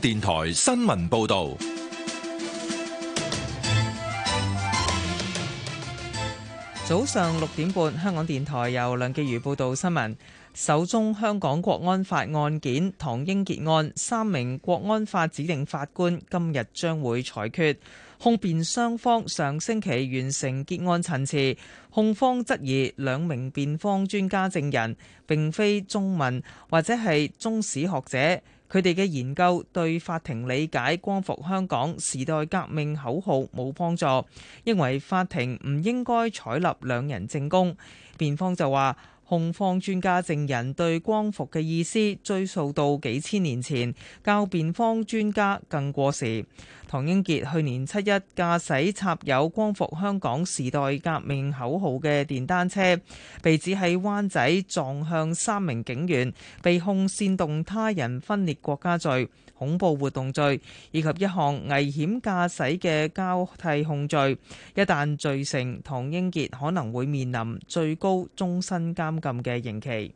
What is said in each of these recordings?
電台新聞報道，早上六點半，香港電台由梁紀如報道新聞。首宗香港國安法案件唐英傑案，三名國安法指定法官今日將會裁決。控辯雙方上星期完成結案陳詞，控方質疑兩名辯方專家證人並非中文或者係中史學者。佢哋嘅研究對法庭理解光復香港時代革命口號冇幫助，認為法庭唔應該採納兩人證供。辯方就話，控方專家證人對光復嘅意思追溯到幾千年前，較辯方專家更過時。唐英傑去年七一駕駛插有光復香港時代革命口號嘅電單車，被指喺灣仔撞向三名警員，被控煽動他人分裂國家罪、恐怖活動罪以及一項危險駕駛嘅交替控罪，一旦罪成，唐英傑可能會面臨最高終身監禁嘅刑期。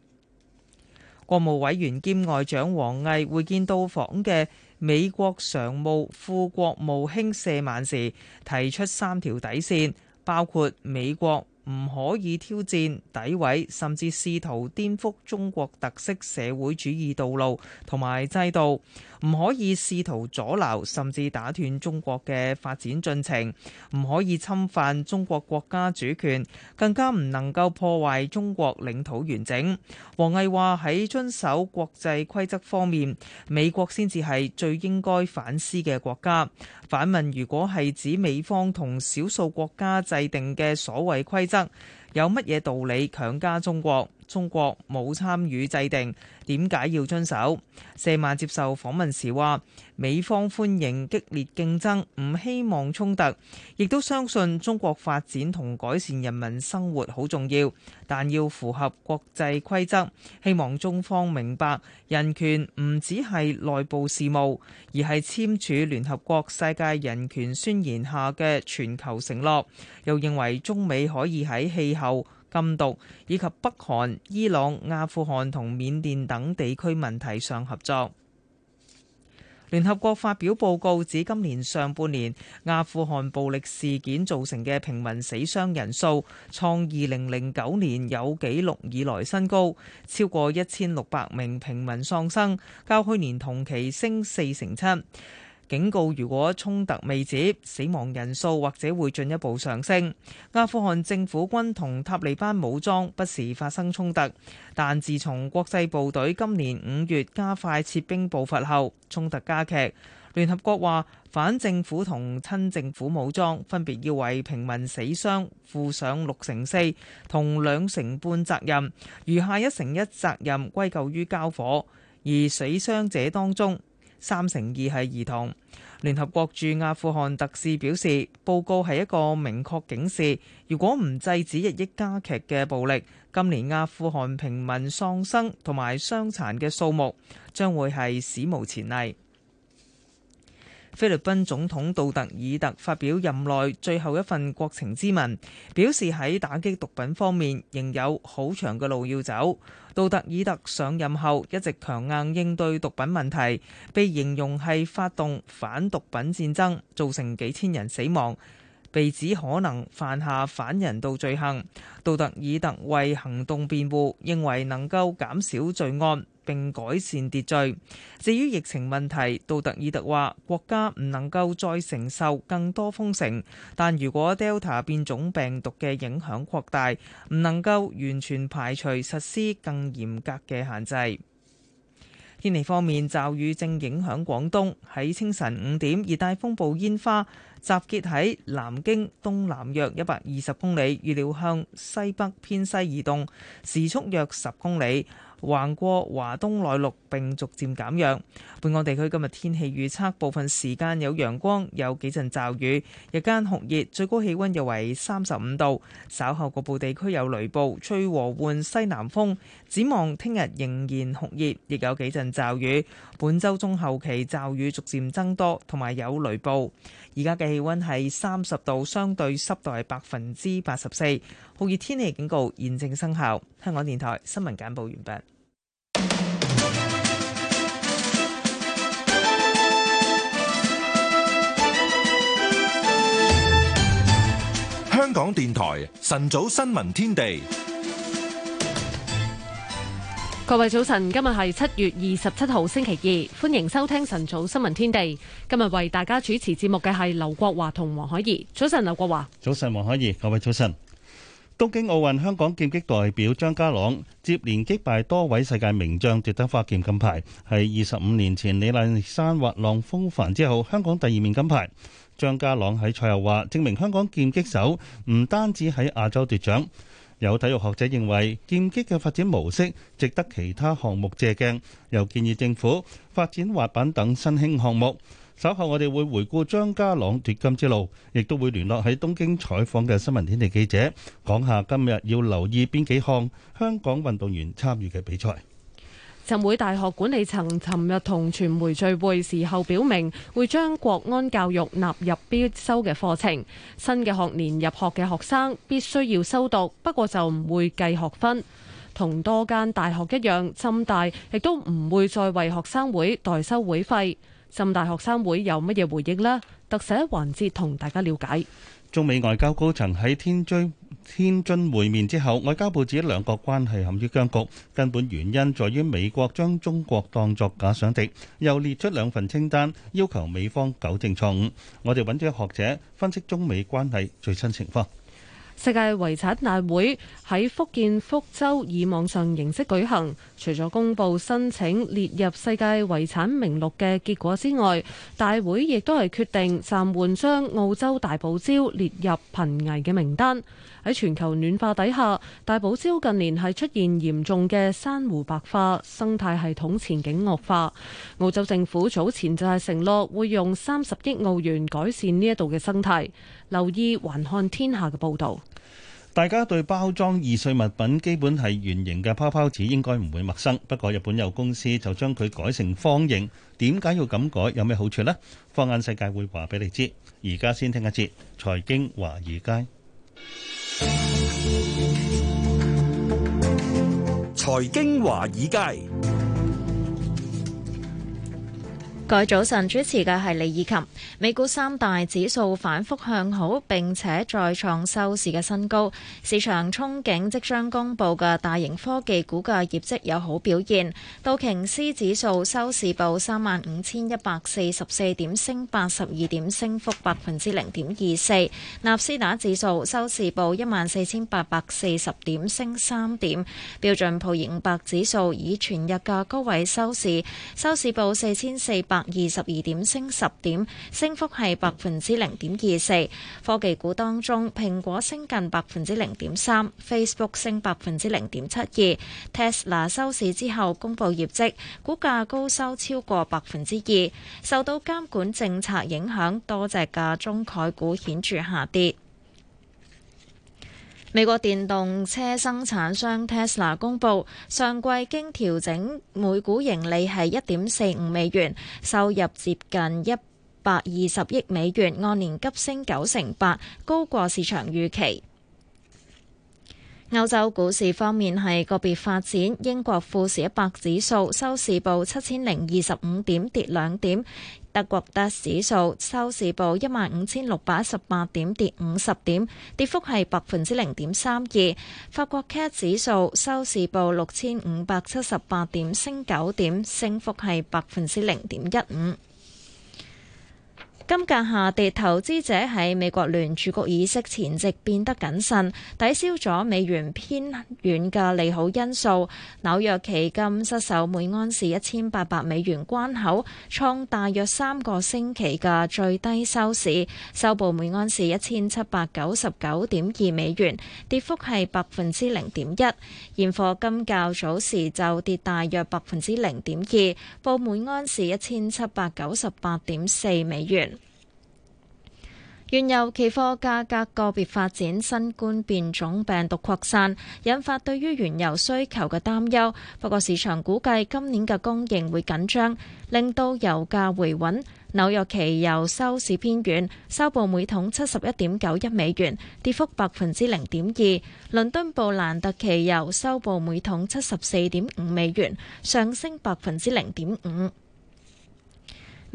國務委員兼外長王毅會見到訪嘅美國常務副國務卿謝曼時，提出三條底線，包括美國唔可以挑戰、詆毀，甚至試圖顛覆中國特色社會主義道路同埋制度。唔可以試圖阻撓甚至打斷中國嘅發展進程，唔可以侵犯中國國家主權，更加唔能夠破壞中國領土完整。王毅話喺遵守國際規則方面，美國先至係最應該反思嘅國家。反問，如果係指美方同少數國家制定嘅所謂規則，有乜嘢道理強加中國？中國冇參與制定，點解要遵守？舍曼接受訪問時話：美方歡迎激烈競爭，唔希望衝突，亦都相信中國發展同改善人民生活好重要，但要符合國際規則。希望中方明白，人權唔只係內部事務，而係簽署聯合國世界人權宣言下嘅全球承諾。又認為中美可以喺氣候、禁毒以及北韓、伊朗、阿富汗同緬甸等地區問題上合作。聯合國發表報告指，今年上半年阿富汗暴力事件造成嘅平民死傷人數創二零零九年有記錄以來新高，超過一千六百名平民喪生，較去年同期升四成七。警告：如果衝突未止，死亡人數或者會進一步上升。阿富汗政府軍同塔利班武裝不時發生衝突，但自從國際部隊今年五月加快撤兵步伐後，衝突加劇。聯合國話，反政府同親政府武裝分別要為平民死傷負上六成四同兩成半責任，餘下一成一責任歸咎於交火，而死傷者當中。三成二係兒童。聯合國駐阿富汗特使表示，報告係一個明確警示：如果唔制止日益加劇嘅暴力，今年阿富汗平民喪生同埋傷殘嘅數目將會係史無前例。菲律賓總統杜特爾特發表任內最後一份國情咨文，表示喺打擊毒品方面仍有好長嘅路要走。杜特爾特上任後一直強硬應對毒品問題，被形容係發動反毒品戰爭，造成幾千人死亡。被指可能犯下反人道罪行，杜特爾特為行動辯護，認為能夠減少罪案並改善秩序。至於疫情問題，杜特爾特話國家唔能夠再承受更多封城，但如果 Delta 變種病毒嘅影響擴大，唔能夠完全排除實施更嚴格嘅限制。天氣方面，驟雨正影響廣東，喺清晨五點，熱帶風暴煙花，集結喺南京東南約一百二十公里，預料向西北偏西移動，時速約十公里，橫過華東內陸，並逐漸減弱。本港地區今日天氣預測，部分時間有陽光，有幾陣驟雨，日間酷熱，最高氣溫約為三十五度。稍後局部地區有雷暴，吹和緩西南風，展望聽日仍然酷熱，亦有幾陣驟雨。本周中後期驟雨逐漸增多，同埋有雷暴。而家嘅氣溫係三十度，相對濕度係百分之八十四。酷熱天氣警告現正生效。香港電台新聞簡報完畢。香港電台晨早新聞天地，各位早晨，今日係七月二十七號星期二，歡迎收聽晨早新聞天地。今日為大家主持節目嘅係劉國華同黃海怡。早晨，劉國華。早晨，黃海怡。各位早晨。東京奧運香港劍擊代表張家朗接連擊敗多位世界名將奪得花劍金牌，係二十五年前李麗珊滑浪風帆之後香港第二面金牌。張家朗喺賽後話，證明香港劍擊手唔單止喺亞洲奪獎。有體育學者認為劍擊嘅發展模式值得其他項目借鏡，又建議政府發展滑板等新興項目。稍後我哋會回顧張家朗奪金之路，亦都會聯絡喺東京採訪嘅新聞天地記者，講下今日要留意邊幾項香港運動員參與嘅比賽。浸會大學管理層尋日同傳媒聚會時候，表明會將國安教育納入必修嘅課程。新嘅學年入學嘅學生必須要修讀，不過就唔會計學分。同多間大學一樣，浸大亦都唔會再為學生會代收會費。浸大學生會有乜嘢回應呢？特寫環節同大家了解。中美外交高層喺天津天津會面之後，外交部指兩國關係陷於僵局，根本原因在於美國將中國當作假想敵，又列出兩份清單，要求美方糾正錯誤。我哋揾咗學者分析中美關係最新情況。世界遺產大會喺福建福州以網上形式舉行，除咗公佈申請列入世界遺產名錄嘅結果之外，大會亦都係決定暫緩將澳洲大堡礁列入瀕危嘅名單。喺全球暖化底下，大堡礁近年係出現嚴重嘅珊瑚白化，生態系統前景惡化。澳洲政府早前就係承諾會用三十億澳元改善呢一度嘅生態。留意《環看天下》嘅報道。大家對包裝易碎物品基本係圓形嘅泡泡紙應該唔會陌生，不過日本有公司就將佢改成方形。點解要咁改？有咩好處呢？放眼世界會話俾你知。而家先聽一節財經華爾街。財經華爾街。各位早晨，主持嘅係李以琴。美股三大指數反复向好，並且再創收市嘅新高，市場憧憬即將公布嘅大型科技股嘅業績有好表現。道瓊斯指數收市報三萬五千一百四十四點，升八十二點，升幅百分之零點二四。納斯達指數收市報一萬四千八百四十點，升三點。標準普爾五百指數以全日嘅高位收市，收市報四千四百。百二十二點升十點，升幅係百分之零點二四。科技股當中，蘋果升近百分之零點三，Facebook 升百分之零點七二。Tesla 收市之後公布業績，股價高收超過百分之二。受到監管政策影響，多隻嘅中概股顯著下跌。美國電動車生產商 Tesla 公布，上季經調整每股盈利係一點四五美元，收入接近一百二十億美元，按年急升九成八，高過市場預期。歐洲股市方面係個別發展，英國富時一百指數收市報七千零二十五點，跌兩點。德國 D 指數收市報一萬五千六百一十八點，跌五十點，跌幅係百分之零點三二。法國 C、AT、指數收市報六千五百七十八點，升九點，升幅係百分之零點一五。金價下跌，投資者喺美國聯儲局議息前夕變得謹慎，抵消咗美元偏軟嘅利好因素。紐約期金失守每安士一千八百美元關口，創大約三個星期嘅最低收市，收報每安士一千七百九十九點二美元，跌幅係百分之零點一。現貨金較早時就跌大約百分之零點二，報每安士一千七百九十八點四美元。原油期貨價格個別發展，新冠變種病毒擴散引發對於原油需求嘅擔憂。不過市場估計今年嘅供應會緊張，令到油價回穩。紐約期油收市偏軟，收報每桶七十一點九一美元，跌幅百分之零點二。倫敦布蘭特期油收報每桶七十四點五美元，上升百分之零點五。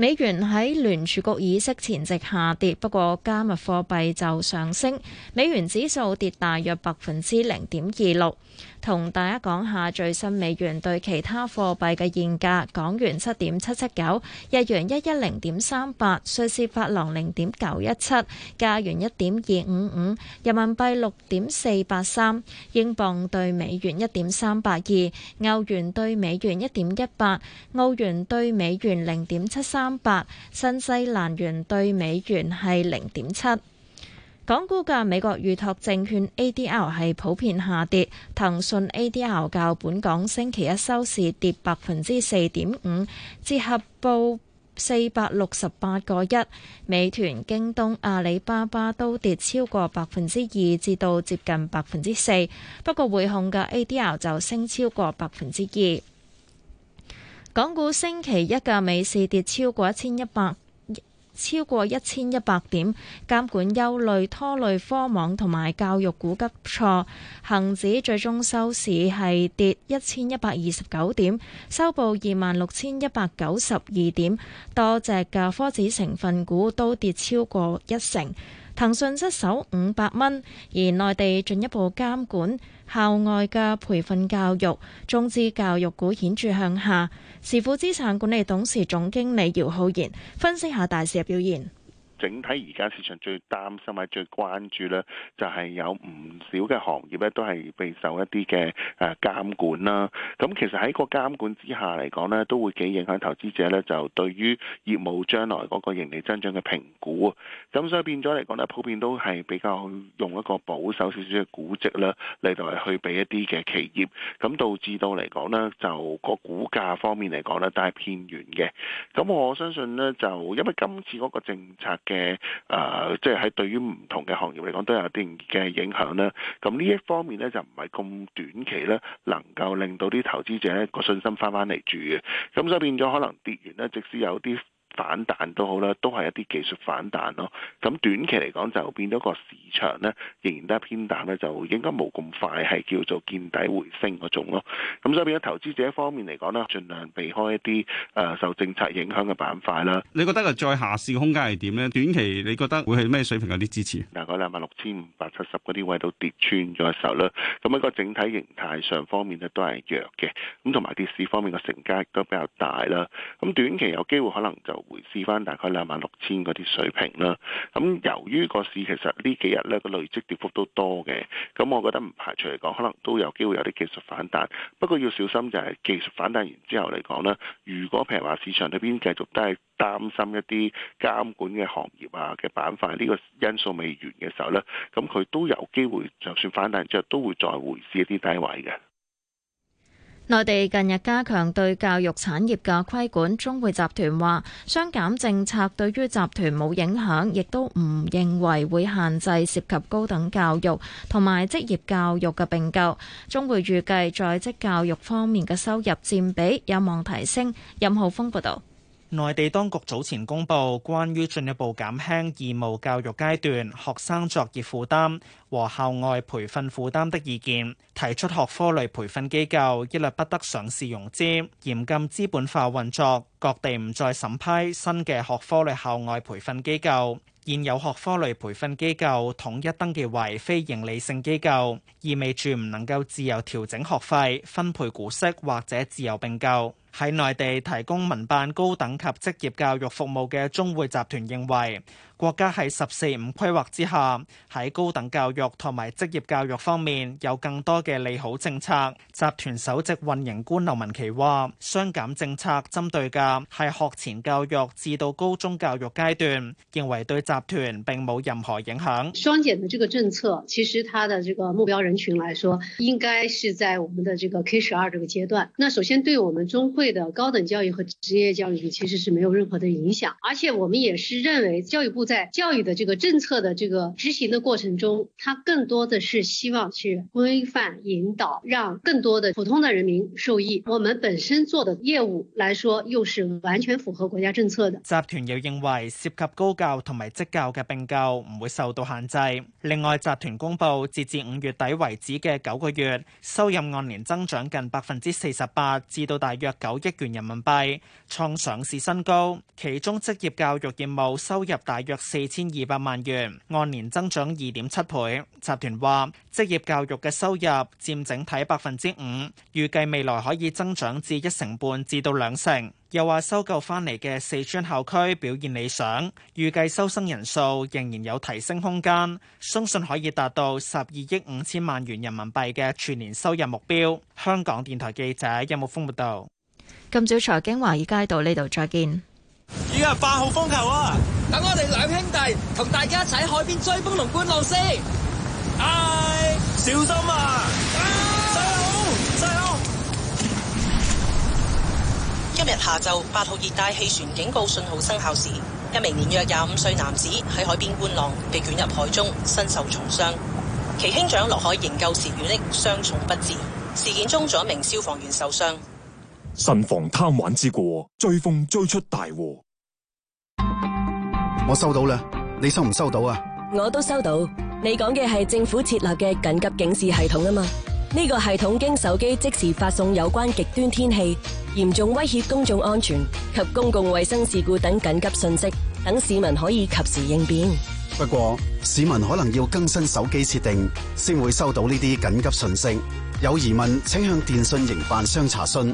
美元喺聯儲局議息前夕下跌，不過加密貨幣就上升。美元指數跌大約百分之零點二六。同大家講下最新美元對其他貨幣嘅現價：港元七點七七九，日元一一零點三八，瑞士法郎零點九一七，加元一點二五五，人民幣六點四八三，英鎊兌美元一點三八二，歐元兌美元一點一八，澳元兌美元零點七三八，新西蘭元兌美元係零點七。港股嘅美國預託證券 A D R 係普遍下跌，騰訊 A D R 較本港星期一收市跌百分之四點五，折合報四百六十八個一。美團、京東、阿里巴巴都跌超過百分之二，至到接近百分之四。不過匯控嘅 A D R 就升超過百分之二。港股星期一嘅尾市跌超過一千一百。超過一千一百點，監管憂慮拖累科網同埋教育股急挫，恒指最終收市係跌一千一百二十九點，收報二萬六千一百九十二點，多隻嘅科指成分股都跌超過一成。騰訊失守五百蚊，而內地進一步監管校外嘅培訓教育，中資教育股顯著向下。時富資產管理董事總經理姚浩然分析下大市嘅表現。整體而家市場最擔心、埋最關注咧，就係有唔少嘅行業咧，都係備受一啲嘅誒監管啦。咁其實喺個監管之下嚟講咧，都會幾影響投資者咧，就對於業務將來嗰個盈利增長嘅評估。咁所以變咗嚟講咧，普遍都係比較用一個保守少少嘅估值啦嚟到去俾一啲嘅企業，咁導致到嚟講呢，就個股價方面嚟講呢，都係偏軟嘅。咁我相信呢，就因為今次嗰個政策。嘅、呃、誒，即係喺對於唔同嘅行業嚟講，都有啲嘅影響啦。咁呢一方面咧，就唔係咁短期咧，能夠令到啲投資者個信心翻翻嚟住嘅。咁所以變咗可能跌完咧，即使有啲反彈都好啦，都係一啲技術反彈咯。咁短期嚟講就變咗個市場呢，仍然都係偏淡呢，就應該冇咁快係叫做見底回升嗰種咯。咁所以變咗投資者方面嚟講咧，儘量避開一啲誒、呃、受政策影響嘅板塊啦。你覺得再下試嘅空間係點呢？短期你覺得會係咩水平有啲支持？嗱，嗰兩萬六千五百七十嗰啲位都跌穿咗嘅時候呢，咁、那、一個整體形態上方面呢，都係弱嘅。咁同埋跌市方面嘅成交亦都比較大啦。咁短期有機會可能就～回試翻大概兩萬六千嗰啲水平啦。咁由於個市其實呢幾日咧個累積跌幅都多嘅，咁我覺得唔排除嚟講，可能都有機會有啲技術反彈。不過要小心就係技術反彈完之後嚟講咧，如果譬如話市場裏邊繼續都係擔心一啲監管嘅行業啊嘅板塊呢個因素未完嘅時候呢，咁佢都有機會就算反彈之後都會再回試一啲低位嘅。內地近日加強對教育產業嘅規管，中匯集團話，雙減政策對於集團冇影響，亦都唔認為會限制涉及高等教育同埋職業教育嘅並購。中匯預計在職教育方面嘅收入佔比有望提升。任浩峰報道。內地當局早前公布關於進一步減輕義務教育階段學生作業負擔和校外培訓負擔的意見，提出學科類培訓機構一律不得上市融資，嚴禁資本化運作，各地唔再審批新嘅學科類校外培訓機構，現有學科類培訓機構統一登記為非營利性機構，意味住唔能夠自由調整學費、分配股息或者自由並購。喺內地提供民辦高等及職業教育服務嘅中匯集團認為，國家喺十四五規劃之下喺高等教育同埋職業教育方面有更多嘅利好政策。集團首席運營官劉文琪話，雙減政策針對嘅係學前教育至到高中教育階段，認為對集團並冇任何影響。雙減嘅這個政策，其實它的這個目標人群來說，應該是在我們的 K 十二這個階段。那首先對我們中，會的高等教育和職業教育其實是沒有任何的影響，而且我們也是認為教育部在教育的這個政策的這個執行的過程中，它更多的是希望去規範引導，讓更多的普通的人民受益。我們本身做的業務來說，又是完全符合國家政策的。集團又認為涉及高教同埋職教嘅併購唔會受到限制。另外，集團公布截至五月底為止嘅九個月，收入按年增長近百分之四十八，至到大約九億元人民幣創上市新高，其中職業教育業務收入大約四千二百萬元，按年增長二點七倍。集團話，職業教育嘅收入佔整體百分之五，預計未來可以增長至一成半至到兩成。又話收購翻嚟嘅四川校區表現理想，預計收生人數仍然有提升空間，相信可以達到十二億五千萬元人民幣嘅全年收入目標。香港電台記者任木峰報道。今早財經華爾街到呢度再見。而家係八號風球啊！等我哋兩兄弟同大家一齊海邊追風龍觀浪先。係、哎、小心啊！細佬、啊，細佬。今日下晝八號熱帶氣旋警告信號生效時，一名年約廿五歲男子喺海邊觀浪，被捲入海中，身受重傷。其兄長落海營救時，遇溺傷重不治。事件中，仲有一名消防員受傷。慎防貪玩之過，追風追出大禍。我收到啦，你收唔收到啊？我都收到。你講嘅係政府設立嘅緊急警示系統吖嘛？呢個系統經手機即時發送有關極端天氣、嚴重威脅公眾安全及公共衛生事故等緊急信息，等市民可以及時應變。不過，市民可能要更新手機設定，先會收到呢啲緊急訊息。有疑問，請向電訊營辦商查詢。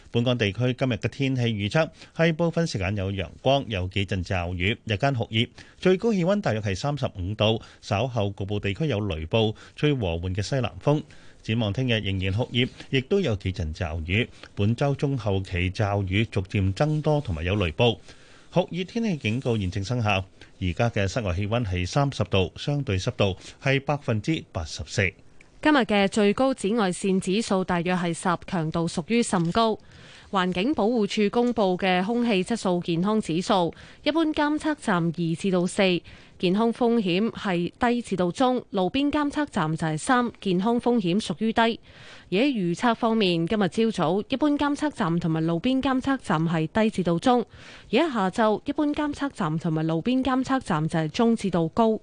本港地區今日嘅天氣預測，係部分時間有陽光，有幾陣驟雨，日間酷熱，最高氣溫大約係三十五度。稍後局部地區有雷暴，吹和緩嘅西南風，展望聽日仍然酷熱，亦都有幾陣驟雨。本周中後期驟雨逐漸增多，同埋有雷暴。酷熱天氣警告現正生效。而家嘅室外氣溫係三十度，相對濕度係百分之八十四。今日嘅最高紫外線指數大約係十，強度屬於甚高。環境保護署公布嘅空氣質素健康指數，一般監測站二至到四，健康風險係低至到中；路邊監測站就係三，健康風險屬於低。而喺預測方面，今日朝早一般監測站同埋路邊監測站係低至到中；而喺下晝，一般監測站同埋路邊監測站就係中至到高。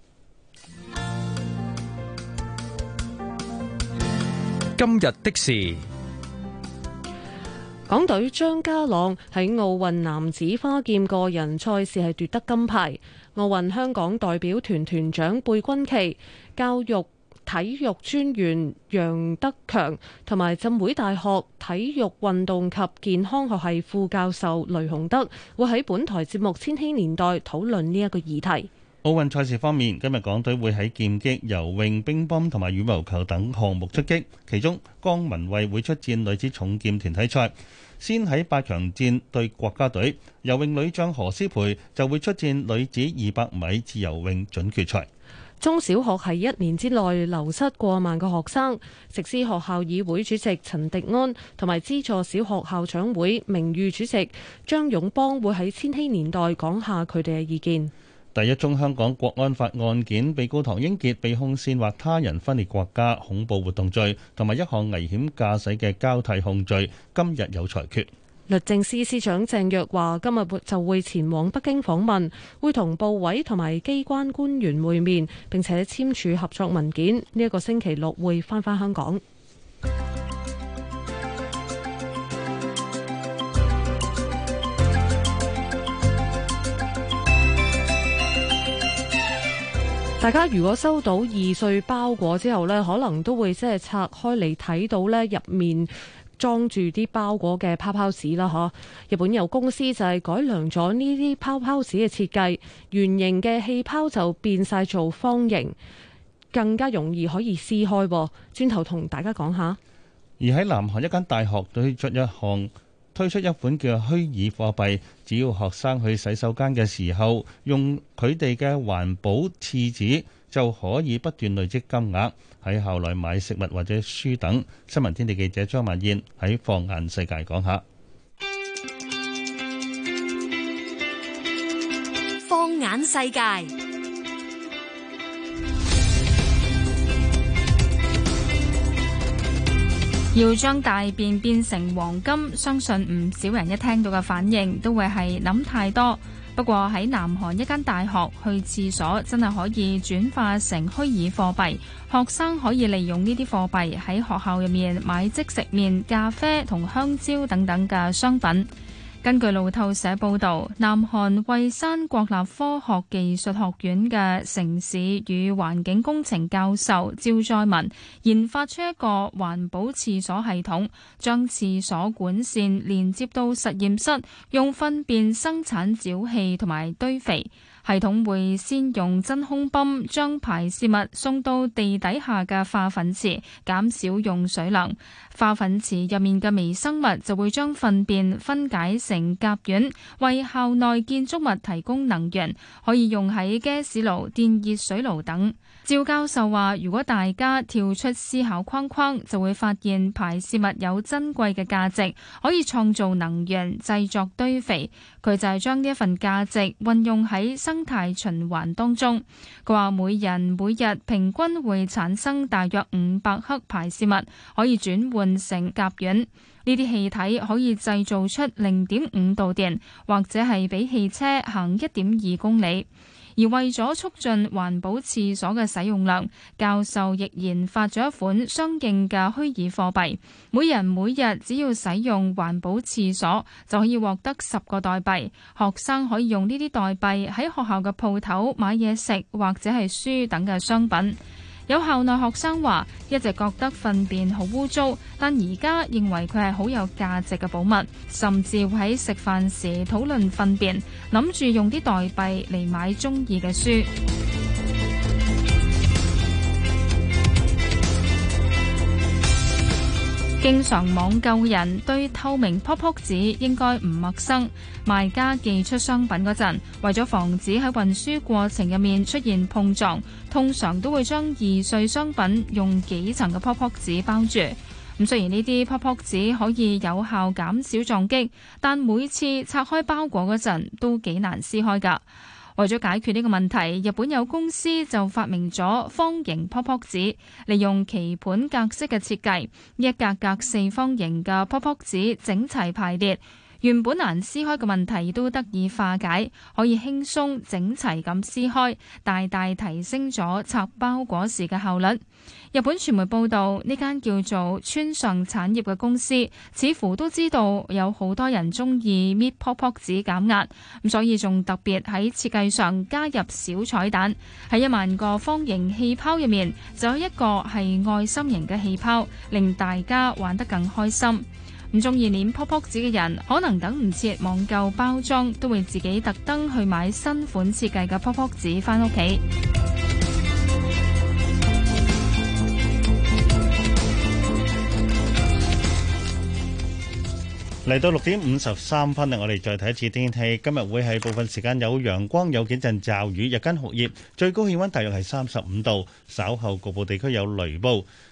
今日的事。港隊張家朗喺奧運男子花劍個人賽事係奪得金牌。奧運香港代表團團長貝君奇、教育體育專員楊德強同埋浸會大學體育運動及健康學系副教授雷雄德會喺本台節目《千禧年代》討論呢一個議題。奧運賽事方面，今日港隊會喺劍擊、游泳、乒乓同埋羽毛球等項目出擊。其中，江旻憓會出戰女子重劍團體賽，先喺八強戰對國家隊。游泳女將何詩蓓就會出戰女子二百米自由泳準決賽。中小學喺一年之內流失過萬個學生，直資學校議會主席陳狄安同埋資助小學校長會名譽主席張勇邦會喺千禧年代講下佢哋嘅意見。第一宗香港國安法案件被告唐英傑被控煽惑他人分裂國家、恐怖活動罪，同埋一項危險駕駛嘅交替控罪，今日有裁決。律政司司長鄭若華今日就會前往北京訪問，會同部委同埋機關官員會面，並且簽署合作文件。呢、這、一個星期六會翻返香港。大家如果收到易碎包裹之後呢，可能都會即係拆開嚟，睇到呢入面裝住啲包裹嘅泡泡紙啦，吓！日本有公司就係改良咗呢啲泡泡紙嘅設計，圓形嘅氣泡就變晒做方形，更加容易可以撕開。轉頭同大家講下，而喺南韓一間大學對出一項。推出一款叫虛擬貨幣，只要學生去洗手間嘅時候用佢哋嘅環保廁紙，就可以不斷累積金額喺校內買食物或者書等。新聞天地記者張曼燕喺放眼世界講下。放眼世界。要將大便變成黃金，相信唔少人一聽到嘅反應都會係諗太多。不過喺南韓一間大學，去廁所真係可以轉化成虛擬貨幣，學生可以利用呢啲貨幣喺學校入面買即食麵、咖啡同香蕉等等嘅商品。根據路透社報導，南韓蔚山國立科學技術學院嘅城市與環境工程教授趙在文研發出一個環保廁所系統，將廁所管線連接到實驗室，用糞便生產沼氣同埋堆肥。系統會先用真空泵將排泄物送到地底下嘅化糞池，減少用水量。化糞池入面嘅微生物就會將糞便分解成甲烷，為校內建築物提供能源，可以用喺 gas 煮爐、電熱水爐等。趙教授話，如果大家跳出思考框框，就會發現排泄物有珍貴嘅價值，可以創造能源、製作堆肥。佢就係將呢一份價值運用喺生態循環當中。佢話，每人每日平均會產生大約五百克排泄物，可以轉換成甲烷。呢啲氣體可以製造出零點五度電，或者係俾汽車行一點二公里。而為咗促進環保廁所嘅使用量，教授亦研發咗一款相應嘅虛擬貨幣。每人每日只要使用環保廁所，就可以獲得十個代幣。學生可以用呢啲代幣喺學校嘅鋪頭買嘢食，或者係書等嘅商品。有校內學生話，一直覺得糞便好污糟，但而家認為佢係好有價值嘅寶物，甚至會喺食飯時討論糞便，諗住用啲代幣嚟買鍾意嘅書。經常網購嘅人對透明泡泡紙應該唔陌生。賣家寄出商品嗰陣，為咗防止喺運輸過程入面出現碰撞，通常都會將易碎商品用幾層嘅泡泡紙包住。咁雖然呢啲泡泡紙可以有效減少撞擊，但每次拆開包裹嗰陣都幾難撕開㗎。為咗解決呢個問題，日本有公司就發明咗方形泡泡紙，利用棋盤格式嘅設計，一格格四方形嘅泡泡紙整齊排列。原本難撕開嘅問題都得以化解，可以輕鬆整齊咁撕開，大大提升咗拆包裹時嘅效率。日本傳媒報道呢間叫做川上產業嘅公司，似乎都知道有好多人中意搣 pop pop 紙減壓，咁所以仲特別喺設計上加入小彩蛋，喺一萬個方形氣泡入面就有一個係愛心型嘅氣泡，令大家玩得更開心。唔中意黏泡泡紙嘅人，可能等唔切網購包裝，都會自己特登去買新款設計嘅泡泡紙返屋企。嚟到六點五十三分啊！我哋再睇一次天氣，今日會係部分時間有陽光，有幾陣驟雨，日間酷熱，最高氣溫大約係三十五度，稍後局部地區有雷暴。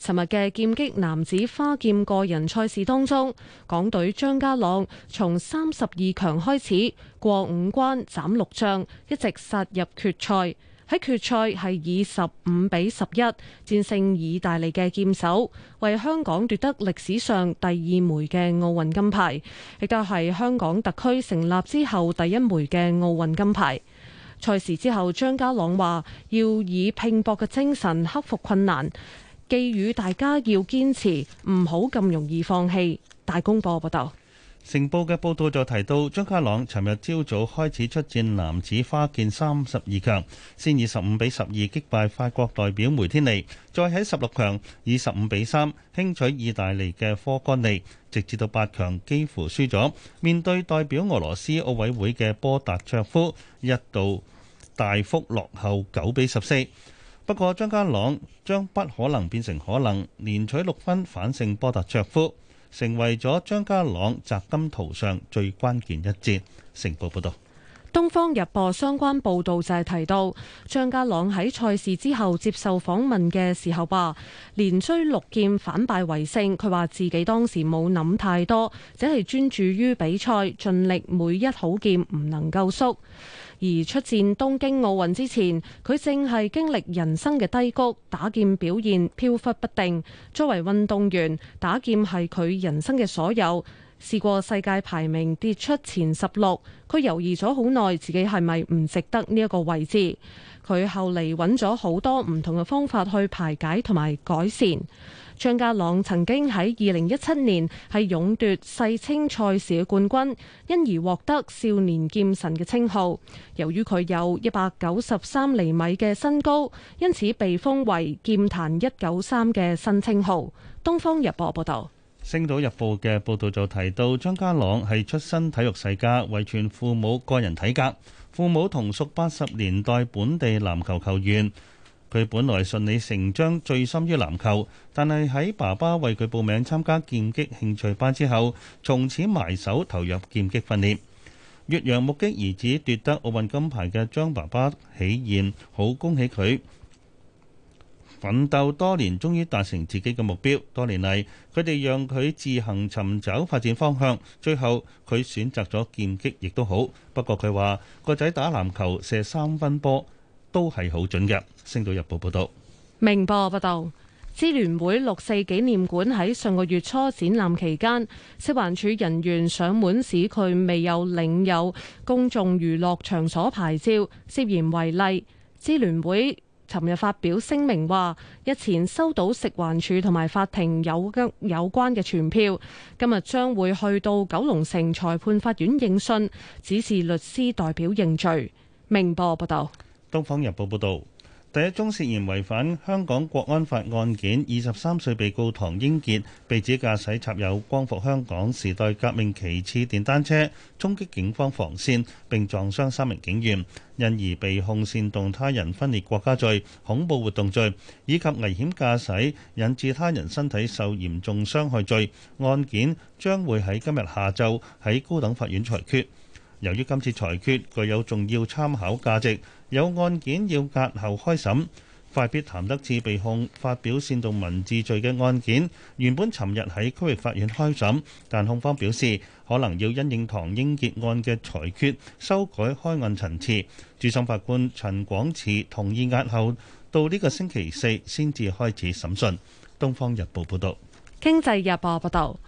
尋日嘅劍擊男子花劍個人賽事當中，港隊張家朗從三十二強開始過五關斬六將，一直殺入決賽。喺決賽係以十五比十一戰勝意大利嘅劍手，為香港奪得歷史上第二枚嘅奧運金牌，亦都係香港特區成立之後第一枚嘅奧運金牌。賽事之後，張家朗話要以拼搏嘅精神克服困難。寄語大家要堅持，唔好咁容易放棄。大公報報道，成報嘅報道就提到，張家朗尋日朝早開始出戰男子花劍三十二強，先以十五比十二擊敗法國代表梅天尼，再喺十六強以十五比三輕取意大利嘅科戈尼，直至到八強幾乎輸咗，面對代表俄羅斯奧委會嘅波達卓夫，一度大幅落後九比十四。不過張家朗將不可能變成可能，連取六分反勝波特卓夫，成為咗張家朗摘金途上最關鍵一節。成報報導。《東方日報》相關報道就係提到，張家朗喺賽事之後接受訪問嘅時候話，連追六劍反敗為勝。佢話自己當時冇諗太多，只係專注於比賽，盡力每一好劍唔能夠縮。而出戰東京奧運之前，佢正係經歷人生嘅低谷，打劍表現飄忽不定。作為運動員，打劍係佢人生嘅所有。試過世界排名跌出前十六，佢猶豫咗好耐，自己係咪唔值得呢一個位置？佢後嚟揾咗好多唔同嘅方法去排解同埋改善。張家朗曾經喺二零一七年係勇奪世青賽事嘅冠軍，因而獲得少年劍神嘅稱號。由於佢有一百九十三厘米嘅身高，因此被封為劍壇一九三嘅新稱號。《東方日報》報道。星島日報嘅報導就提到，張家朗係出身體育世家，遺傳父母個人體格。父母同屬八十年代本地籃球球員，佢本來順理成章醉心於籃球，但係喺爸爸為佢報名參加劍擊興趣班之後，從此埋首投入劍擊訓練。越洋目擊兒子奪得奧運金牌嘅張爸爸喜宴，好恭喜佢！奮鬥多年，終於達成自己嘅目標。多年嚟，佢哋讓佢自行尋找發展方向，最後佢選擇咗劍擊，亦都好。不過佢話個仔打籃球、射三分波都係好準嘅。星島日報報道。明報報道，支聯會六四紀念館喺上個月初展覽期間，食環署人員上門指佢未有領有公眾娛樂場所牌照，涉嫌違例。支聯會，尋日發表聲明話，日前收到食環署同埋法庭有嘅有關嘅傳票，今日將會去到九龍城裁判法院應訊，指示律師代表認罪。明報報道。《東方日報》報導。第一宗涉嫌違反香港國安法案件，二十三歲被告唐英傑被指駕駛插有光復香港時代革命旗幟電單車，衝擊警方防線並撞傷三名警員，因而被控煽動他人分裂國家罪、恐怖活動罪以及危險駕駛引致他人身體受嚴重傷害罪。案件將會喺今日下晝喺高等法院裁決。由於今次裁決具有重要參考價值，有案件要押後開審，快必譚德志被控發表煽動文字罪嘅案件，原本尋日喺區域法院開審，但控方表示可能要因應唐英傑案嘅裁決，修改開案陳詞。主審法官陳廣慈同意押後到呢個星期四先至開始審訊。《東方日報》報道。《經濟日報》報道。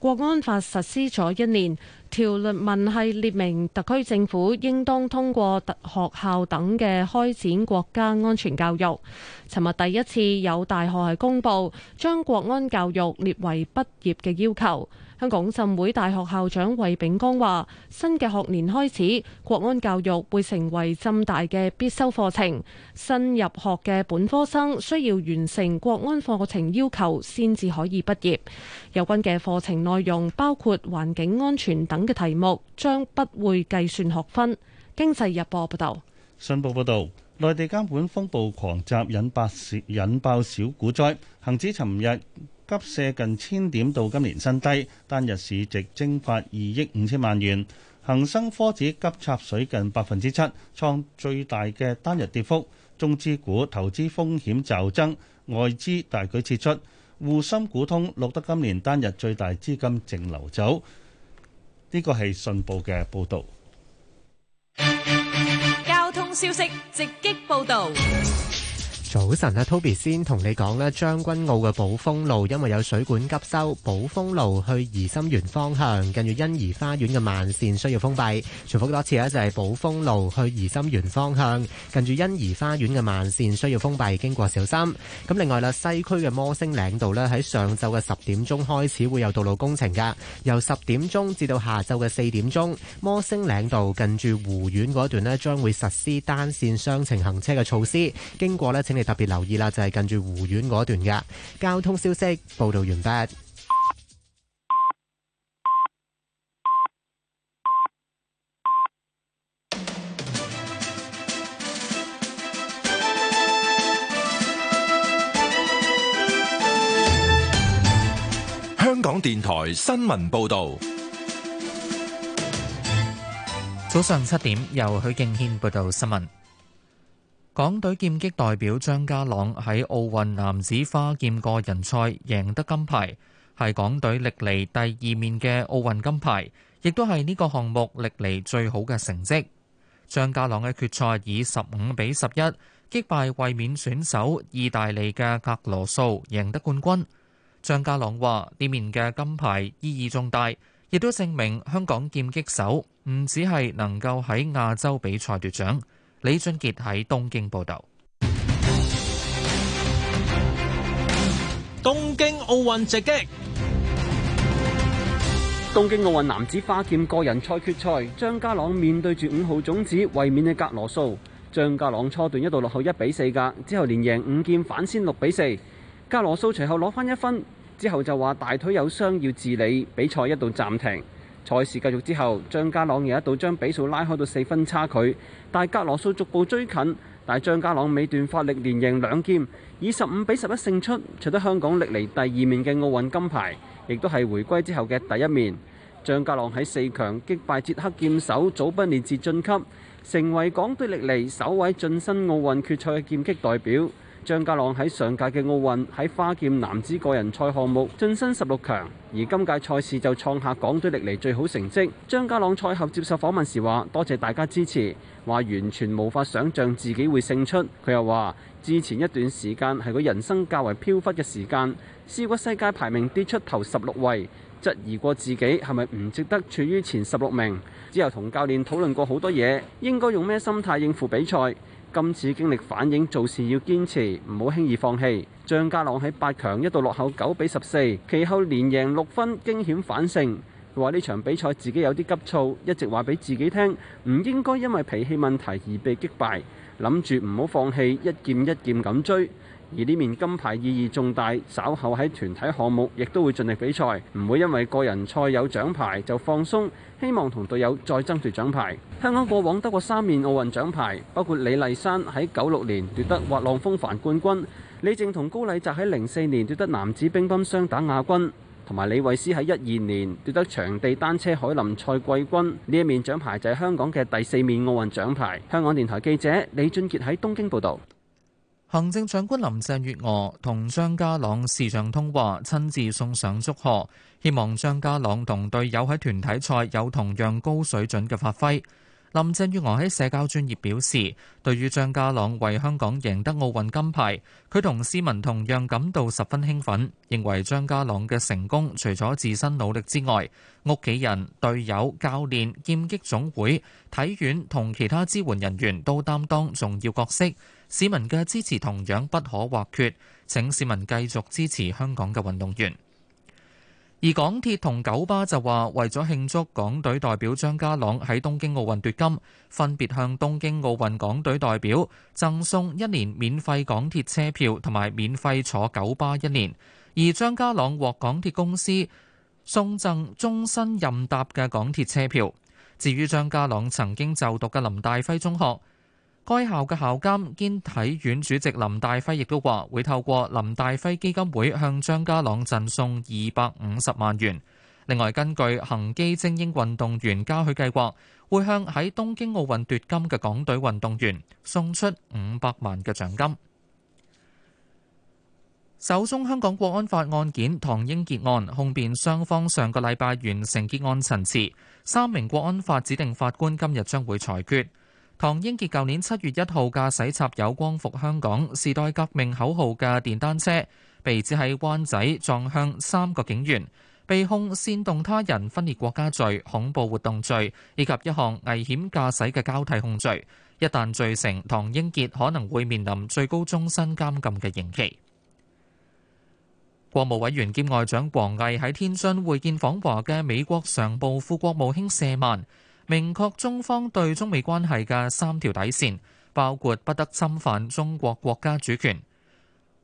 國安法實施咗一年，條例文係列明特區政府應當通過特學校等嘅開展國家安全教育。尋日第一次有大學係公布將國安教育列為畢業嘅要求。香港浸會大學校長衞炳江話：新嘅學年開始，國安教育會成為浸大嘅必修課程。新入學嘅本科生需要完成國安課程要求，先至可以畢業。有關嘅課程內容包括環境安全等嘅題目，將不會計算學分。經濟日報報道，信報報道，內地監管風暴狂襲，引爆小股災。恒指昨日。急瀉近千點到今年新低，單日市值蒸發二億五千萬元。恒生科指急插水近百分之七，創最大嘅單日跌幅。中資股投資風險驟增，外資大舉撤出，滬深股通錄得今年單日最大資金淨流走。呢個係信報嘅報道。交通消息直擊報道。早晨啊，Toby 先同你講咧，將軍澳嘅寶豐路因為有水管急修，寶豐路去怡心園方向近住欣怡花園嘅慢綫需要封閉。重複多次咧，就係寶豐路去怡心園方向近住欣怡花園嘅慢綫需要封閉，經過小心。咁另外啦，西區嘅摩星嶺道咧喺上晝嘅十點鐘開始會有道路工程噶，由十點鐘至到下晝嘅四點鐘，摩星嶺道近住湖苑嗰一段咧將會實施單綫雙程行車嘅措施，經過咧請你特別留意啦，就係近住湖苑嗰段嘅交通消息報道完畢。香港電台新聞報道，早上七點由許敬軒報道新聞。港隊劍擊代表張家朗喺奧運男子花劍個人賽贏得金牌，係港隊歷嚟第二面嘅奧運金牌，亦都係呢個項目歷嚟最好嘅成績。張家朗嘅決賽以十五比十一擊敗衛冕選手意大利嘅格羅素，贏得冠軍。張家朗話：呢面嘅金牌意義重大，亦都證明香港劍擊手唔止係能夠喺亞洲比賽奪獎。李俊傑喺東京報道。東京奧運直擊。東京奧運男子花劍個人賽決賽，張家朗面對住五號種子衛冕嘅格羅素。張家朗初段一度落後一比四㗎，之後連贏五劍反先六比四。格羅素隨後攞返一分，之後就話大腿有傷要治理，比賽一度暫停。賽事繼續之後，張家朗又一度將比數拉開到四分差距。大格羅素逐步追近，但張家朗尾段發力連贏兩劍，以十五比十一勝出，取得香港歷嚟第二面嘅奧運金牌，亦都係回歸之後嘅第一面。張家朗喺四強擊敗捷克劍手祖賓列治晉級，成為港隊歷嚟首位晉身奧運決賽嘅劍擊代表。張家朗喺上屆嘅奧運喺花劍男子個人賽項目晉身十六強，而今屆賽事就創下港隊歷嚟最好成績。張家朗賽後接受訪問時話：多謝大家支持，話完全無法想象自己會勝出。佢又話：之前一段時間係佢人生較為飄忽嘅時間，試過世界排名跌出頭十六位，質疑過自己係咪唔值得處於前十六名。之後同教練討論過好多嘢，應該用咩心態應付比賽。今次經歷反映做事要堅持，唔好輕易放棄。張家朗喺八強一度落後九比十四，其後連贏六分驚險反勝。佢話呢場比賽自己有啲急躁，一直話俾自己聽，唔應該因為脾氣問題而被擊敗，諗住唔好放棄，一劍一劍咁追。而呢面金牌意義重大，稍後喺團體項目亦都會盡力比賽，唔會因為個人賽有獎牌就放鬆，希望同隊友再爭奪獎牌。香港過往得過三面奧運獎牌，包括李麗珊喺九六年奪得滑浪風帆冠軍，李靜同高禮澤喺零四年奪得男子乒乓球雙打亞軍，同埋李慧詩喺一二年奪得場地單車凱林賽季軍。呢一面獎牌就係香港嘅第四面奧運獎牌。香港電台記者李俊傑喺東京報導。行政長官林鄭月娥同張家朗視像通話，親自送上祝賀，希望張家朗同隊友喺團體賽有同樣高水準嘅發揮。林鄭月娥喺社交專頁表示，對於張家朗為香港贏得奧運金牌，佢同市民同樣感到十分興奮，認為張家朗嘅成功除咗自身努力之外，屋企人、隊友、教練、劍擊總會、體院同其他支援人員都擔當重要角色。市民嘅支持同樣不可或缺，請市民繼續支持香港嘅運動員。而港鐵同九巴就話，為咗慶祝港隊代表張家朗喺東京奧運奪金，分別向東京奧運港隊代表贈送一年免費港鐵車票同埋免費坐九巴一年。而張家朗獲港鐵公司送贈終身任搭嘅港鐵車票。至於張家朗曾經就讀嘅林大輝中學，該校嘅校監兼體院主席林大輝亦都話，會透過林大輝基金會向張家朗贈送二百五十萬元。另外，根據恒基精英運動員嘉許計劃，會向喺東京奧運奪金嘅港隊運動員送出五百萬嘅獎金。首宗香港國安法案件唐英傑案控辯雙方上個禮拜完成結案陳詞，三名國安法指定法官今日將會裁決。唐英傑舊年七月一號駕駛插有光復香港時代革命口號嘅電單車，被指喺灣仔撞向三個警員，被控煽動他人分裂國家罪、恐怖活動罪以及一項危險駕駛嘅交替控罪。一旦罪成，唐英傑可能會面臨最高終身監禁嘅刑期。國務委員兼外長王毅喺天津會見訪華嘅美國常務副國務卿謝曼。明確中方對中美關係嘅三條底線，包括不得侵犯中國國家主權。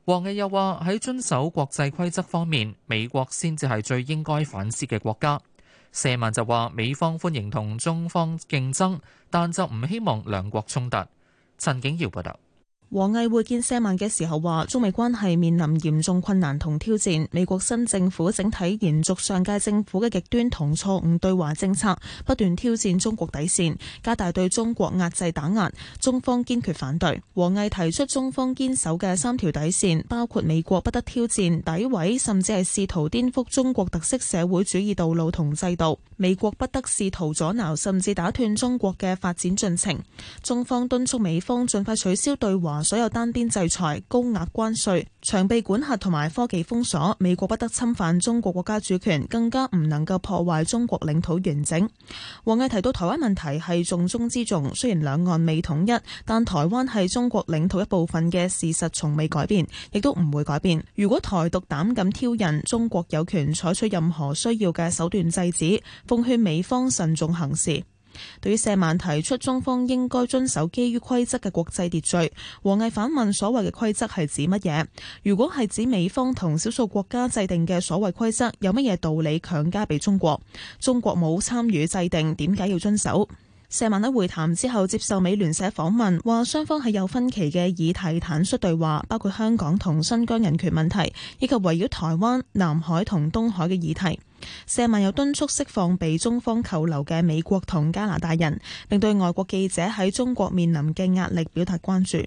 王毅又話，喺遵守國際規則方面，美國先至係最應該反思嘅國家。社民就話，美方歡迎同中方競爭，但就唔希望兩國衝突。陳景耀報道。王毅會見沙曼嘅時候話，中美關係面臨嚴重困難同挑戰，美國新政府整體延續上屆政府嘅極端同錯誤對華政策，不斷挑戰中國底線，加大對中國壓制打壓，中方堅決反對。王毅提出中方堅守嘅三條底線，包括美國不得挑戰、詆毀甚至係試圖顛覆中國特色社會主義道路同制度，美國不得試圖阻撓甚至打斷中國嘅發展進程，中方敦促美方盡快取消對華。所有單邊制裁、高額關稅、長臂管轄同埋科技封鎖，美國不得侵犯中國國家主權，更加唔能夠破壞中國領土完整。王毅提到台灣問題係重中之重，雖然兩岸未統一，但台灣係中國領土一部分嘅事實從未改變，亦都唔會改變。如果台獨膽敢挑釁，中國有權採取任何需要嘅手段制止。奉勸美方慎重行事。對於謝曼提出中方應該遵守基於規則嘅國際秩序，王毅反問所謂嘅規則係指乜嘢？如果係指美方同少數國家制定嘅所謂規則，有乜嘢道理強加俾中國？中國冇參與制定，點解要遵守？謝曼喺會談之後接受美聯社訪問，話雙方係有分歧嘅議題坦率對話，包括香港同新疆人權問題，以及圍繞台灣、南海同東海嘅議題。謝萬又敦促釋放被中方扣留嘅美國同加拿大人，並對外國記者喺中國面臨嘅壓力表達關注。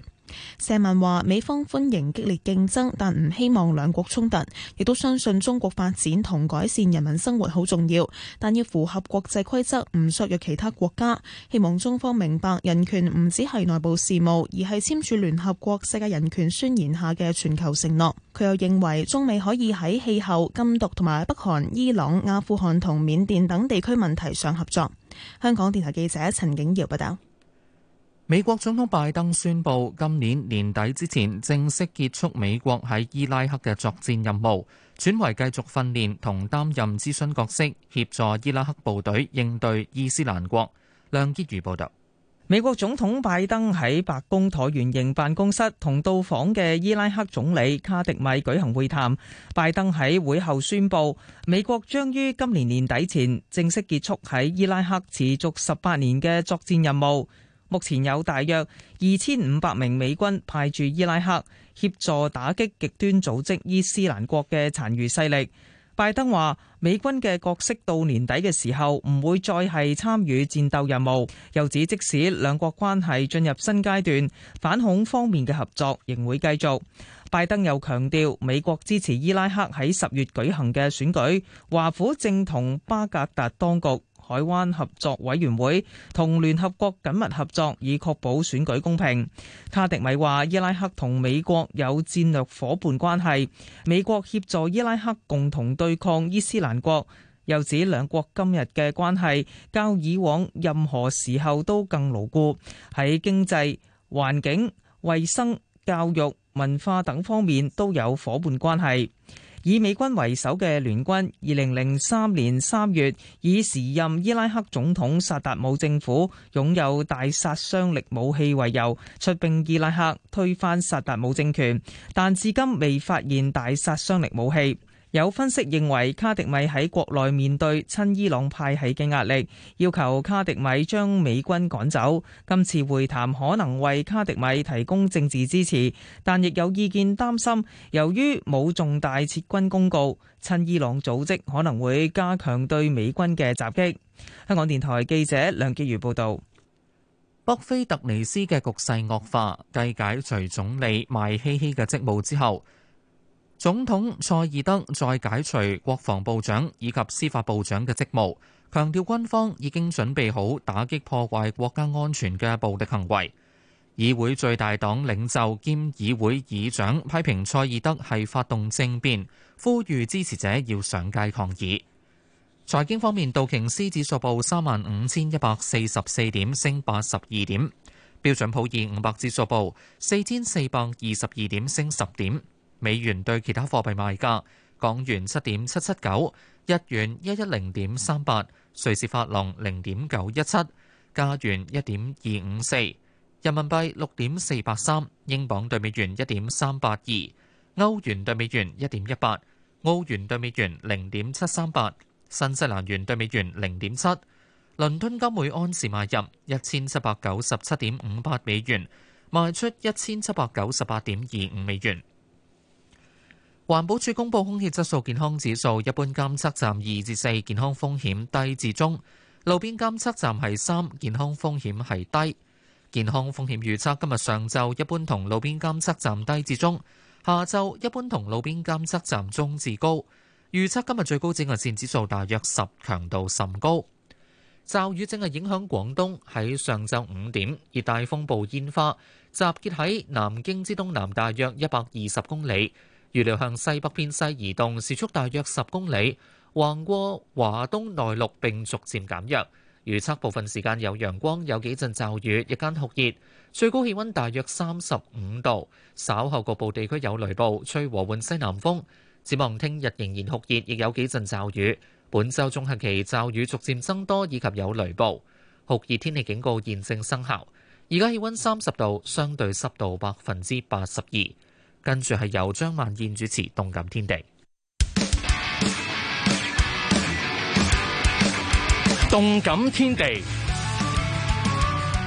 謝萬話：美方歡迎激烈競爭，但唔希望兩國衝突，亦都相信中國發展同改善人民生活好重要，但要符合國際規則，唔削弱其他國家。希望中方明白人權唔只係內部事務，而係簽署聯合國世界人權宣言下嘅全球承諾。佢又認為中美可以喺氣候、禁毒同埋北韓、伊講阿富汗同緬甸等地區問題上合作。香港電台記者陳景瑤報道。美國總統拜登宣布，今年年底之前正式結束美國喺伊拉克嘅作戰任務，轉為繼續訓練同擔任諮詢角色，協助伊拉克部隊應對伊斯蘭國。梁潔如報道。美國總統拜登喺白宮橢圓形辦公室同到訪嘅伊拉克總理卡迪米舉行會談。拜登喺會後宣布，美國將於今年年底前正式結束喺伊拉克持續十八年嘅作戰任務。目前有大約二千五百名美軍派駐伊拉克，協助打擊極端組織伊斯蘭國嘅殘餘勢力。拜登話：美軍嘅角色到年底嘅時候，唔會再係參與戰鬥任務。又指即使兩國關係進入新階段，反恐方面嘅合作仍會繼續。拜登又強調美國支持伊拉克喺十月舉行嘅選舉，華府正同巴格達當局，海灣合作委員會同聯合國緊密合作，以確保選舉公平。卡迪米話：伊拉克同美國有戰略伙伴關係，美國協助伊拉克共同對抗伊斯蘭國。又指兩國今日嘅關係，較以往任何時候都更牢固，喺經濟、環境、衛生、教育、文化等方面都有伙伴關係。以美軍為首嘅聯軍，二零零三年三月以時任伊拉克總統薩達姆政府擁有大殺傷力武器為由，出兵伊拉克推翻薩達姆政權，但至今未發現大殺傷力武器。有分析認為，卡迪米喺國內面對親伊朗派系嘅壓力，要求卡迪米將美軍趕走。今次會談可能為卡迪米提供政治支持，但亦有意見擔心，由於冇重大撤軍公告，親伊朗組織可能會加強對美軍嘅襲擊。香港電台記者梁潔如報導，北非特尼斯嘅局勢惡化，繼解除總理邁希希嘅職務之後。總統蔡爾德再解除國防部長以及司法部長嘅職務，強調軍方已經準備好打擊破壞國家安全嘅暴力行為。議會最大黨領袖兼議會議長批評蔡爾德係發動政變，呼籲支持者要上街抗議。財經方面，道瓊斯指數報三萬五千一百四十四點，升八十二點；標準普爾五百指數報四千四百二十二點，升十點。美元對其他貨幣賣價：港元七點七七九，日元一一零點三八，瑞士法郎零點九一七，加元一點二五四，人民幣六點四八三，英鎊對美元一點三八二，歐元對美元一點一八，澳元對美元零點七三八，新西蘭元對美元零點七。倫敦金每盎司買入一千七百九十七點五八美元，賣出一千七百九十八點二五美元。環保署公布空氣質素健康指數，一般監測站二至四，健康風險低至中；路邊監測站係三，健康風險係低。健康風險預測今日上晝一般同路邊監測站低至中，下晝一般同路邊監測站中至高。預測今日最高紫外線指數大約十，強度甚高。驟雨正係影響廣東，喺上晝五點，熱帶風暴煙花集結喺南京之東南，大約一百二十公里。預料向西北偏西移動，時速大約十公里，橫過華東內陸並逐漸減弱。預測部分時間有陽光，有幾陣驟雨，日間酷熱，最高氣溫大約三十五度。稍後局部地區有雷暴，吹和緩西南風。展望聽日仍然酷熱，亦有幾陣驟雨。本周中後期驟雨逐漸增多，以及有雷暴，酷熱天氣警告現正生效。而家氣溫三十度，相對濕度百分之八十二。跟住係由張萬燕主持《動感天地》。《動感天地》，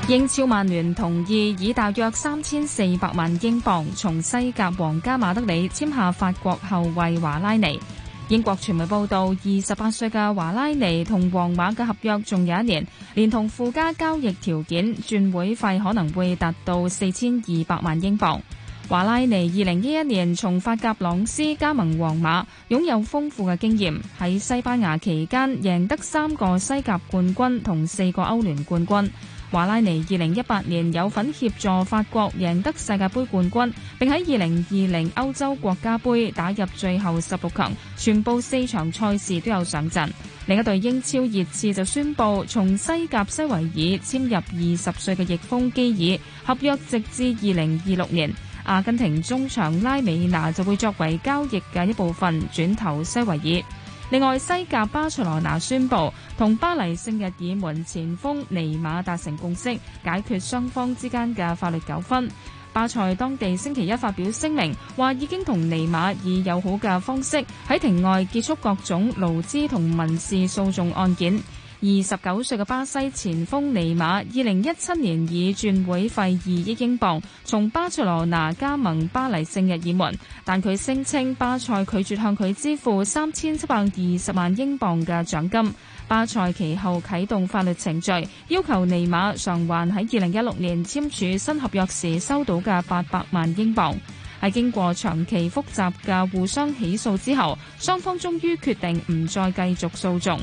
英超曼聯同意以大約三千四百萬英鎊從西甲皇家馬德里簽下法國後衛華拉尼。英國傳媒報道，二十八歲嘅華拉尼同皇馬嘅合約仲有一年，連同附加交易條件，轉會費可能會達到四千二百萬英鎊。華拉尼二零一一年從法甲朗斯加盟皇馬，擁有豐富嘅經驗。喺西班牙期間，贏得三個西甲冠軍同四個歐聯冠軍。華拉尼二零一八年有份協助法國贏得世界盃冠軍，並喺二零二零歐洲國家盃打入最後十六強，全部四場賽事都有上陣。另一隊英超熱刺就宣布從西甲西維爾簽入二十歲嘅逆風基爾，合約直至二零二六年。阿根廷中場拉美娜就會作為交易嘅一部分轉投西維爾。另外，西甲巴塞羅那宣布同巴黎聖日耳門前鋒尼馬達成共識，解決雙方之間嘅法律糾紛。巴塞當地星期一發表聲明，話已經同尼馬以友好嘅方式喺庭外結束各種勞資同民事訴訟案件。二十九歲嘅巴西前鋒尼馬，二零一七年以轉會費二億英鎊從巴塞羅那加盟巴黎聖日耳門，但佢聲稱巴塞拒絕向佢支付三千七百二十萬英鎊嘅獎金。巴塞其後啟動法律程序，要求尼馬償還喺二零一六年簽署新合約時收到嘅八百萬英鎊。喺經過長期複雜嘅互相起訴之後，雙方終於決定唔再繼續訴訟。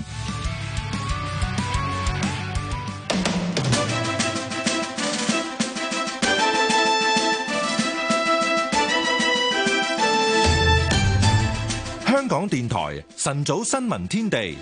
港電台晨早新聞天地，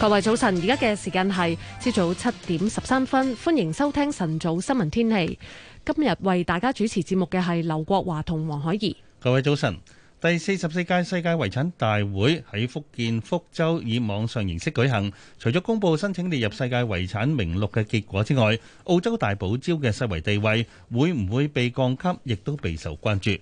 各位早晨，而家嘅時間係朝早七點十三分，歡迎收聽晨早新聞天氣。今日為大家主持節目嘅係劉國華同黃海怡。各位早晨，第四十四屆世界遺產大會喺福建福州以網上形式舉行。除咗公布申請列入世界遺產名錄嘅結果之外，澳洲大堡礁嘅世遺地位會唔會被降級，亦都備受關注。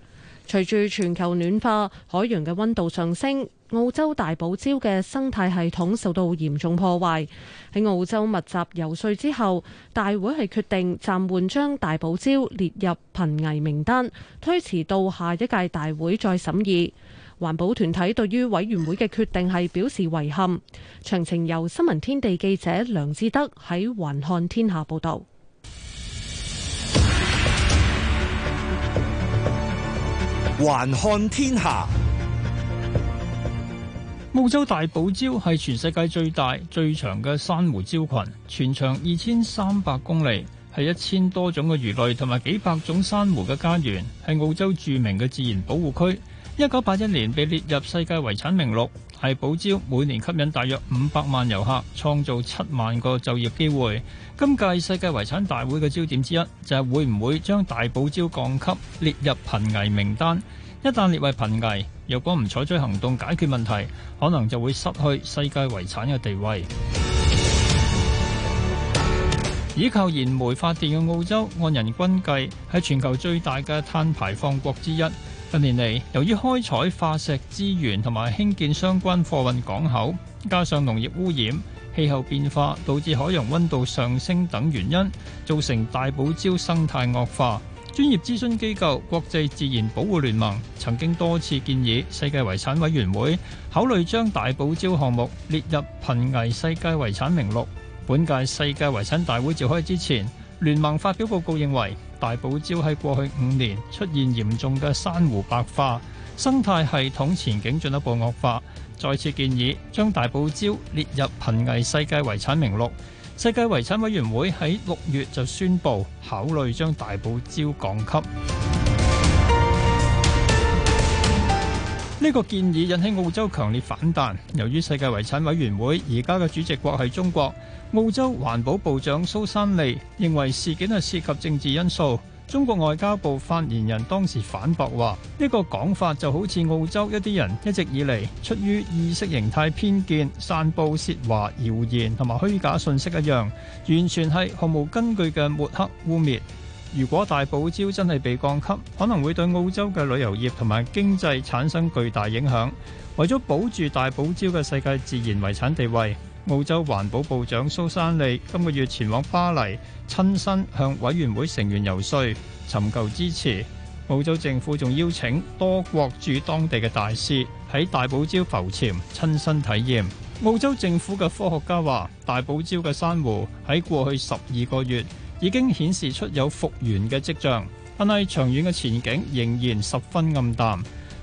隨住全球暖化，海洋嘅溫度上升，澳洲大堡礁嘅生態系統受到嚴重破壞。喺澳洲密集游說之後，大會係決定暫緩將大堡礁列入瀕危名單，推遲到下一屆大會再審議。環保團體對於委員會嘅決定係表示遺憾。詳情由新聞天地記者梁志德喺環看天下報道。還看天下，澳洲大堡礁係全世界最大、最長嘅珊瑚礁群，全長二千三百公里，係一千多種嘅魚類同埋幾百種珊瑚嘅家園，係澳洲著名嘅自然保護區。一九八一年被列入世界遺產名錄，係堡礁每年吸引大約五百萬遊客，創造七萬個就業機會。今屆世界遺產大會嘅焦點之一，就係、是、會唔會將大堡礁降級列入瀕危名單？一旦列為瀕危，如果唔採取行動解決問題，可能就會失去世界遺產嘅地位。依 靠燃煤發電嘅澳洲，按人均計係全球最大嘅碳排放國之一。近年嚟，由於開採化石資源同埋興建相關貨運港口，加上農業污染。氣候變化導致海洋溫度上升等原因，造成大堡礁生態惡化。專業諮詢機構國際自然保護聯盟曾經多次建議世界遺產委員會考慮將大堡礁項目列入瀕危世界遺產名錄。本屆世界遺產大會召開之前，聯盟發表報告認為，大堡礁喺過去五年出現嚴重嘅珊瑚白化，生態系統前景進一步惡化。再次建議將大堡礁列入瀕危世界遺產名錄。世界遺產委員會喺六月就宣布考慮將大堡礁降級。呢 個建議引起澳洲強烈反彈。由於世界遺產委員會而家嘅主席國係中國，澳洲環保部長蘇珊利認為事件係涉及政治因素。中國外交部發言人當時反駁話：呢、這個講法就好似澳洲一啲人一直以嚟，出於意識形態偏見、散布涉華謠言同埋虛假信息一樣，完全係毫無根據嘅抹黑污衊。如果大堡礁真係被降級，可能會對澳洲嘅旅遊業同埋經濟產生巨大影響。為咗保住大堡礁嘅世界自然遺產地位，澳洲環保部長蘇珊利今個月前往巴黎，親身向委員會成員游說，尋求支持。澳洲政府仲邀請多國駐當地嘅大使喺大堡礁浮潛，親身體驗。澳洲政府嘅科學家話，大堡礁嘅珊瑚喺過去十二個月已經顯示出有復原嘅跡象，但係長遠嘅前景仍然十分暗淡。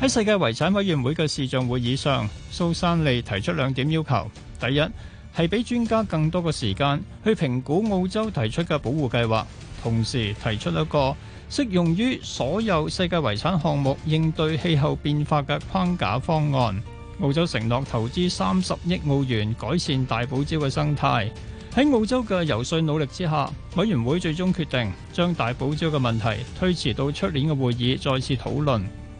喺世界遺產委員會嘅視像會議上，蘇珊莉提出兩點要求：第一係俾專家更多嘅時間去評估澳洲提出嘅保護計劃，同時提出一個適用於所有世界遺產項目應對氣候變化嘅框架方案。澳洲承諾投資三十億澳元改善大堡礁嘅生態。喺澳洲嘅游說努力之下，委員會最終決定將大堡礁嘅問題推遲到出年嘅會議再次討論。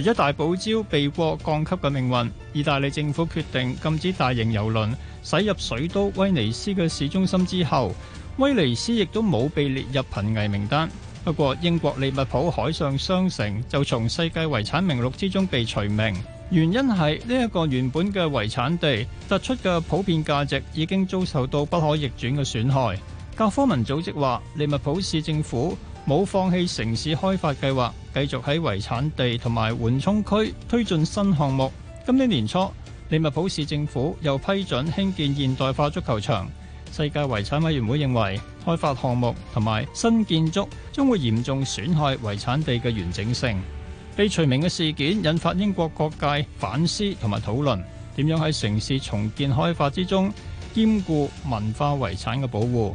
除咗大堡礁被過降級嘅命運，意大利政府決定禁止大型郵輪駛入水都威尼斯嘅市中心之後，威尼斯亦都冇被列入瀕危名單。不過，英國利物浦海上商城就從世界遺產名錄之中被除名，原因係呢一個原本嘅遺產地突出嘅普遍價值已經遭受到不可逆轉嘅損害。教科文組織話，利物浦市政府。冇放棄城市開發計劃，繼續喺遺產地同埋緩衝區推進新項目。今年年初，利物浦市政府又批准興建現代化足球場。世界遺產委員會認為開發項目同埋新建築將會嚴重損害遺產地嘅完整性。被除名嘅事件引發英國各界反思同埋討論，點樣喺城市重建開發之中兼顧文化遺產嘅保護。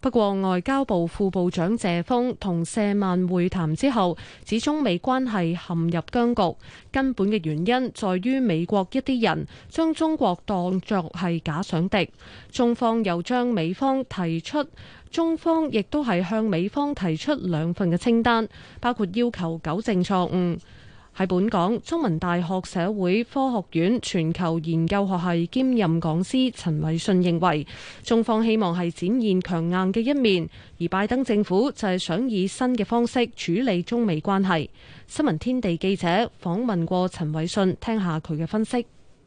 不過，外交部副部長謝鋒同謝曼會談之後，指中美關係陷入僵局，根本嘅原因在於美國一啲人將中國當作係假想敵，中方又將美方提出，中方亦都係向美方提出兩份嘅清單，包括要求糾正錯誤。喺本港中文大學社會科學院全球研究學系兼任講師陳偉信認為，中方希望係展現強硬嘅一面，而拜登政府就係想以新嘅方式處理中美關係。新聞天地記者訪問過陳偉信，聽下佢嘅分析。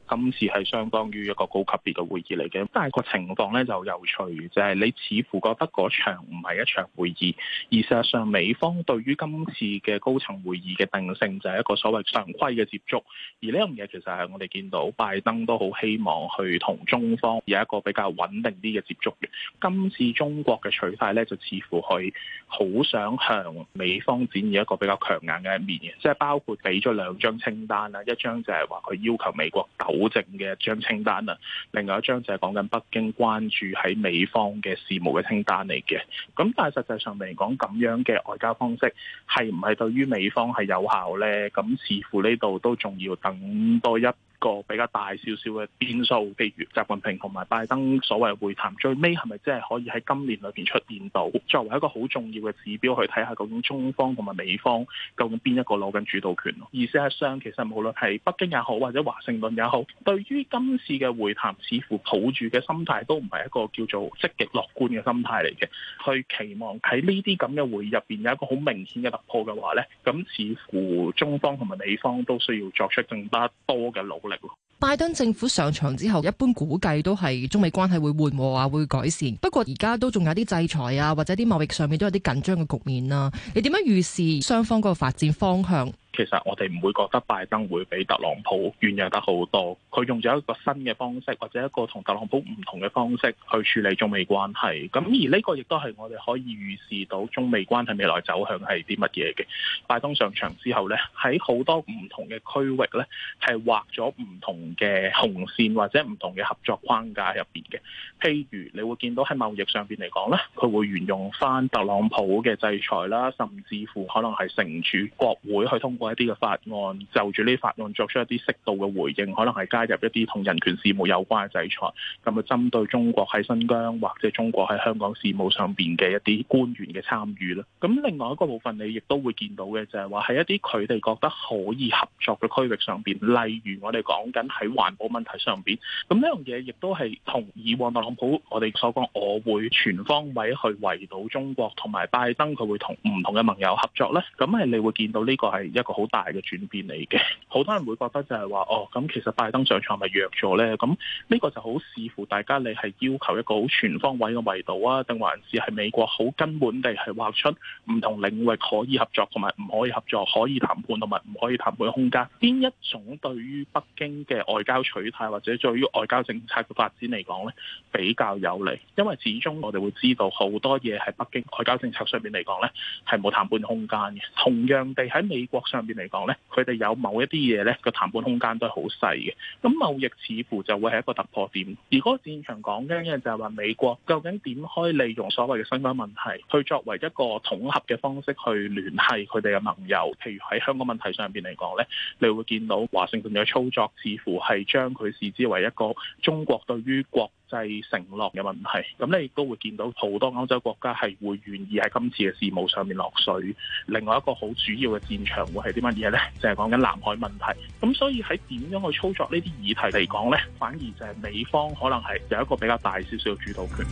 今次係相當於一個高級別嘅會議嚟嘅，但係個情況咧就有趣，就係你似乎覺得嗰場唔係一場會議，而事實上美方對於今次嘅高層會議嘅定性就係一個所謂常規嘅接觸，而呢樣嘢其實係我哋見到拜登都好希望去同中方有一個比較穩定啲嘅接觸嘅。今次中國嘅取態咧就似乎去。好想向美方展現一個比較強硬嘅一面嘅，即係包括俾咗兩張清單啦，一張就係話佢要求美國糾正嘅一張清單啦，另外一張就係講緊北京關注喺美方嘅事務嘅清單嚟嘅。咁但係實際上嚟講，咁樣嘅外交方式係唔係對於美方係有效呢？咁似乎呢度都仲要等多一個比較大少少嘅變數，譬如習近平同埋拜登所謂會談，最尾係咪真係可以喺今年裏邊出現到？作為一個好重要嘅指標，去睇下究竟中方同埋美方究竟邊一個攞緊主導權咯？意思係商其實無論係北京也好，或者華盛頓也好，對於今次嘅會談，似乎抱住嘅心態都唔係一個叫做積極樂觀嘅心態嚟嘅，去期望喺呢啲咁嘅會議入邊有一個好明顯嘅突破嘅話呢，咁似乎中方同埋美方都需要作出更加多嘅努力。拜登政府上場之後，一般估計都係中美關係會緩和啊，會改善。不過而家都仲有啲制裁啊，或者啲貿易上面都有啲緊張嘅局面啦。你點樣預示雙方嗰個發展方向？其實我哋唔會覺得拜登會比特朗普軟弱得好多，佢用咗一個新嘅方式，或者一個同特朗普唔同嘅方式去處理中美關係。咁而呢個亦都係我哋可以預示到中美關係未來走向係啲乜嘢嘅。拜登上場之後呢，喺好多唔同嘅區域呢，係畫咗唔同嘅紅線或者唔同嘅合作框架入邊嘅。譬如你會見到喺貿易上邊嚟講呢，佢會沿用翻特朗普嘅制裁啦，甚至乎可能係懲處國會去通過。一啲嘅法案，就住呢法案作出一啲適度嘅回應，可能係加入一啲同人權事務有關嘅制裁，咁啊針對中國喺新疆或者中國喺香港事務上邊嘅一啲官員嘅參與啦。咁另外一個部分你亦都會見到嘅就係話，喺一啲佢哋覺得可以合作嘅區域上邊，例如我哋講緊喺環保問題上邊，咁呢樣嘢亦都係同以往特朗普我哋所講，我會全方位去圍堵中國同埋拜登佢會同唔同嘅盟友合作咧。咁係你會見到呢個係一。好大嘅轉變嚟嘅，好多人會覺得就係話哦，咁其實拜登上場係咪弱咗咧？咁呢個就好視乎大家你係要求一個好全方位嘅圍堵啊，定還是係美國好根本地係畫出唔同領域可以合作同埋唔可以合作、可以談判同埋唔可以談判嘅空間？邊一種對於北京嘅外交取態或者對於外交政策嘅發展嚟講咧，比較有利？因為始終我哋會知道好多嘢喺北京外交政策上面嚟講咧係冇談判空間嘅。同樣地喺美國上。上邊嚟講咧，佢哋有某一啲嘢咧，個談判空間都係好細嘅。咁貿易似乎就會係一個突破點。而嗰個戰場講緊嘅就係話，美國究竟點可以利用所謂嘅新疆問題，去作為一個統合嘅方式去聯繫佢哋嘅盟友。譬如喺香港問題上邊嚟講咧，你會見到華盛頓嘅操作，似乎係將佢視之為一個中國對於國。制承諾嘅問題，咁你亦都會見到好多歐洲國家係會願意喺今次嘅事務上面落水。另外一個好主要嘅戰場會係啲乜嘢呢？就係講緊南海問題。咁所以喺點樣去操作呢啲議題嚟講呢，反而就係美方可能係有一個比較大少少嘅主導權。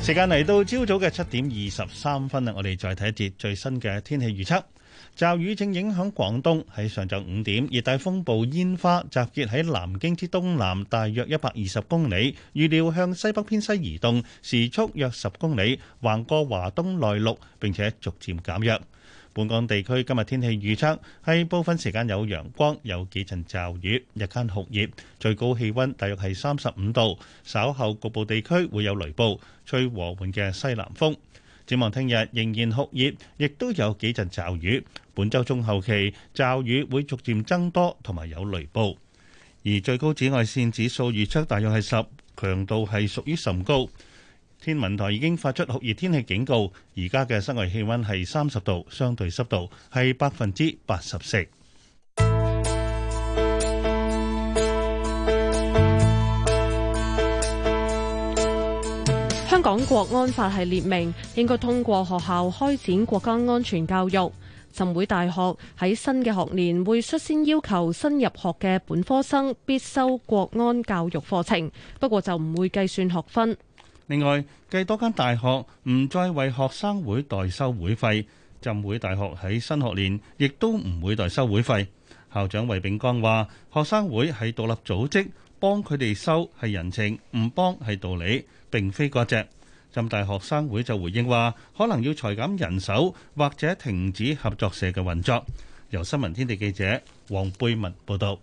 時間嚟到朝早嘅七點二十三分啦，我哋再睇一節最新嘅天氣預測。驟雨正影響廣東，喺上晝五點，熱帶風暴煙花集結喺南京之東南，大約一百二十公里，預料向西北偏西移動，時速約十公里，橫過華東內陸，並且逐漸減弱。本港地區今日天氣預測係部分時間有陽光，有幾陣驟雨，日間酷熱，最高氣溫大約係三十五度，稍後局部地區會有雷暴，吹和緩嘅西南風。展望聽日仍然酷熱，亦都有幾陣驟雨。本周中後期驟雨會逐漸增多，同埋有雷暴。而最高紫外線指數預測大約係十，強度係屬於甚高。天文台已經發出酷熱天氣警告。而家嘅室外氣温係三十度，相對濕度係百分之八十四。港國安法係列明應該通過學校開展國家安全教育。浸會大學喺新嘅學年會率先要求新入學嘅本科生必修國安教育課程，不過就唔會計算學分。另外，繼多間大學唔再為學生會代收會費，浸會大學喺新學年亦都唔會代收會費。校長魏炳剛話：學生會係獨立組織，幫佢哋收係人情，唔幫係道理。並非割席，浸大學生會就回應話，可能要裁減人手或者停止合作社嘅運作。由新聞天地記者黃貝文報道。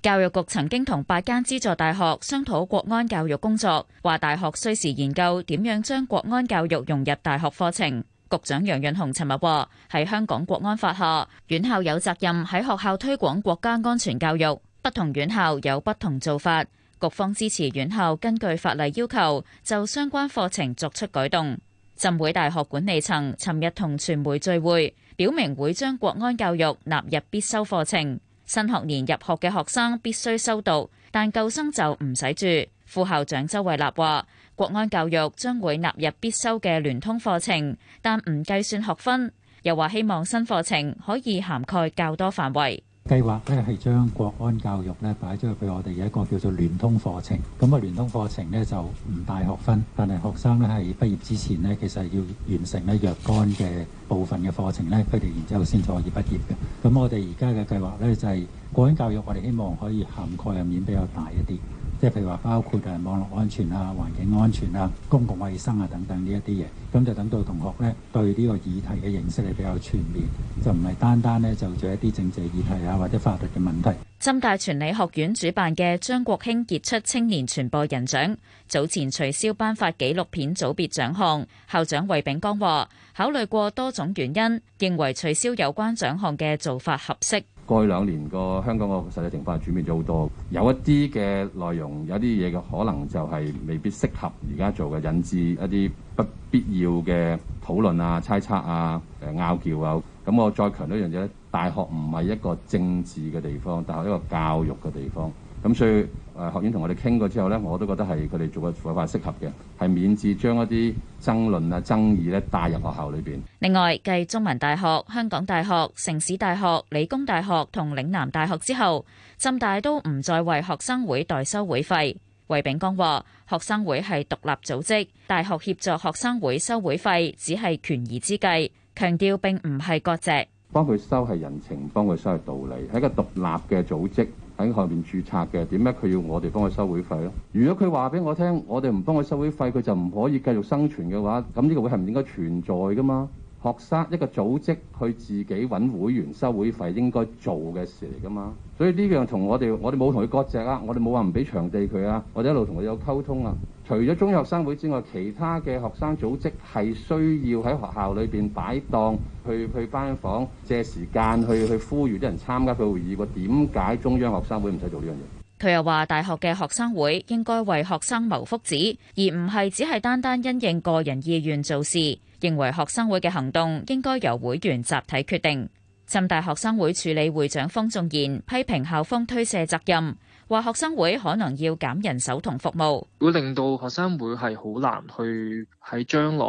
教育局曾經同八間資助大學商討國安教育工作，話大學需時研究點樣將國安教育融入大學課程。局長楊潤雄尋日話：喺香港國安法下，院校有責任喺學校推廣國家安全教育，不同院校有不同做法。局方支持院校根據法例要求，就相關課程作出改動。浸會大學管理層尋日同傳媒聚會表明會將國安教育納入必修課程，新學年入學嘅學生必須修讀，但舊生就唔使住。副校長周慧立話國安教育將會納入必修嘅聯通課程，但唔計算學分。又話希望新課程可以涵蓋較多範圍。計劃咧係將國安教育咧擺咗入去我哋嘅一個叫做聯通課程。咁啊，聯通課程咧就唔大學分，但係學生咧係畢業之前咧，其實要完成咧若干嘅部分嘅課程咧，佢哋然之後先可以畢業嘅。咁我哋而家嘅計劃咧就係國安教育，我哋希望可以涵蓋嘅面比較大一啲。即係譬如話，包括誒網絡安全啊、環境安全啊、公共衛生啊等等呢一啲嘢，咁就等到同學咧對呢個議題嘅認識係比較全面，就唔係單單咧就做一啲政治議題啊或者法律嘅問題。浸大傳理學院主辦嘅張國興傑出青年傳播人獎，早前取消頒發紀錄片組別獎項。校長衛炳江話：考慮過多種原因，認為取消有關獎項嘅做法合適。過去兩年個香港嘅實際情況係轉變咗好多，有一啲嘅內容，有啲嘢嘅可能就係未必適合而家做嘅引致一啲不必要嘅討論啊、猜測啊、誒拗撬啊。咁我再強調一樣嘢咧，大學唔係一個政治嘅地方，大學一個教育嘅地方。咁所以。誒學院同我哋傾過之後呢，我都覺得係佢哋做嘅做法適合嘅，係免至將一啲爭論啊、爭議咧帶入學校裏邊。另外，繼中文大學、香港大學、城市大學、理工大學同嶺南大學之後，浸大都唔再為學生會代收會費。衞炳江話：學生會係獨立組織，大學協助學生會收會費只係權宜之計，強調並唔係割蓆。幫佢收係人情，幫佢收係道理，係一個獨立嘅組織。喺後面註冊嘅，點解佢要我哋幫佢收會費咯。如果佢話俾我聽，我哋唔幫佢收會費，佢就唔可以繼續生存嘅話，咁呢個會係唔應該存在噶嘛？學生一個組織去自己揾會員收會費，應該做嘅事嚟噶嘛。所以呢樣同我哋，我哋冇同佢割席啊，我哋冇話唔俾場地佢啊，我哋一路同佢有溝通啊。除咗中央學生會之外，其他嘅學生組織係需要喺學校裏邊擺檔，去去班房借時間去去呼籲啲人參加佢會議。個點解中央學生會唔使做呢樣嘢？佢又話：大學嘅學生會應該為學生謀福祉，而唔係只係單單因應個人意願做事。認為學生會嘅行動應該由會員集體決定。浸大學生會署理會長方仲賢批評校方推卸責任。話學生會可能要減人手同服務，會令到學生會係好難去喺將來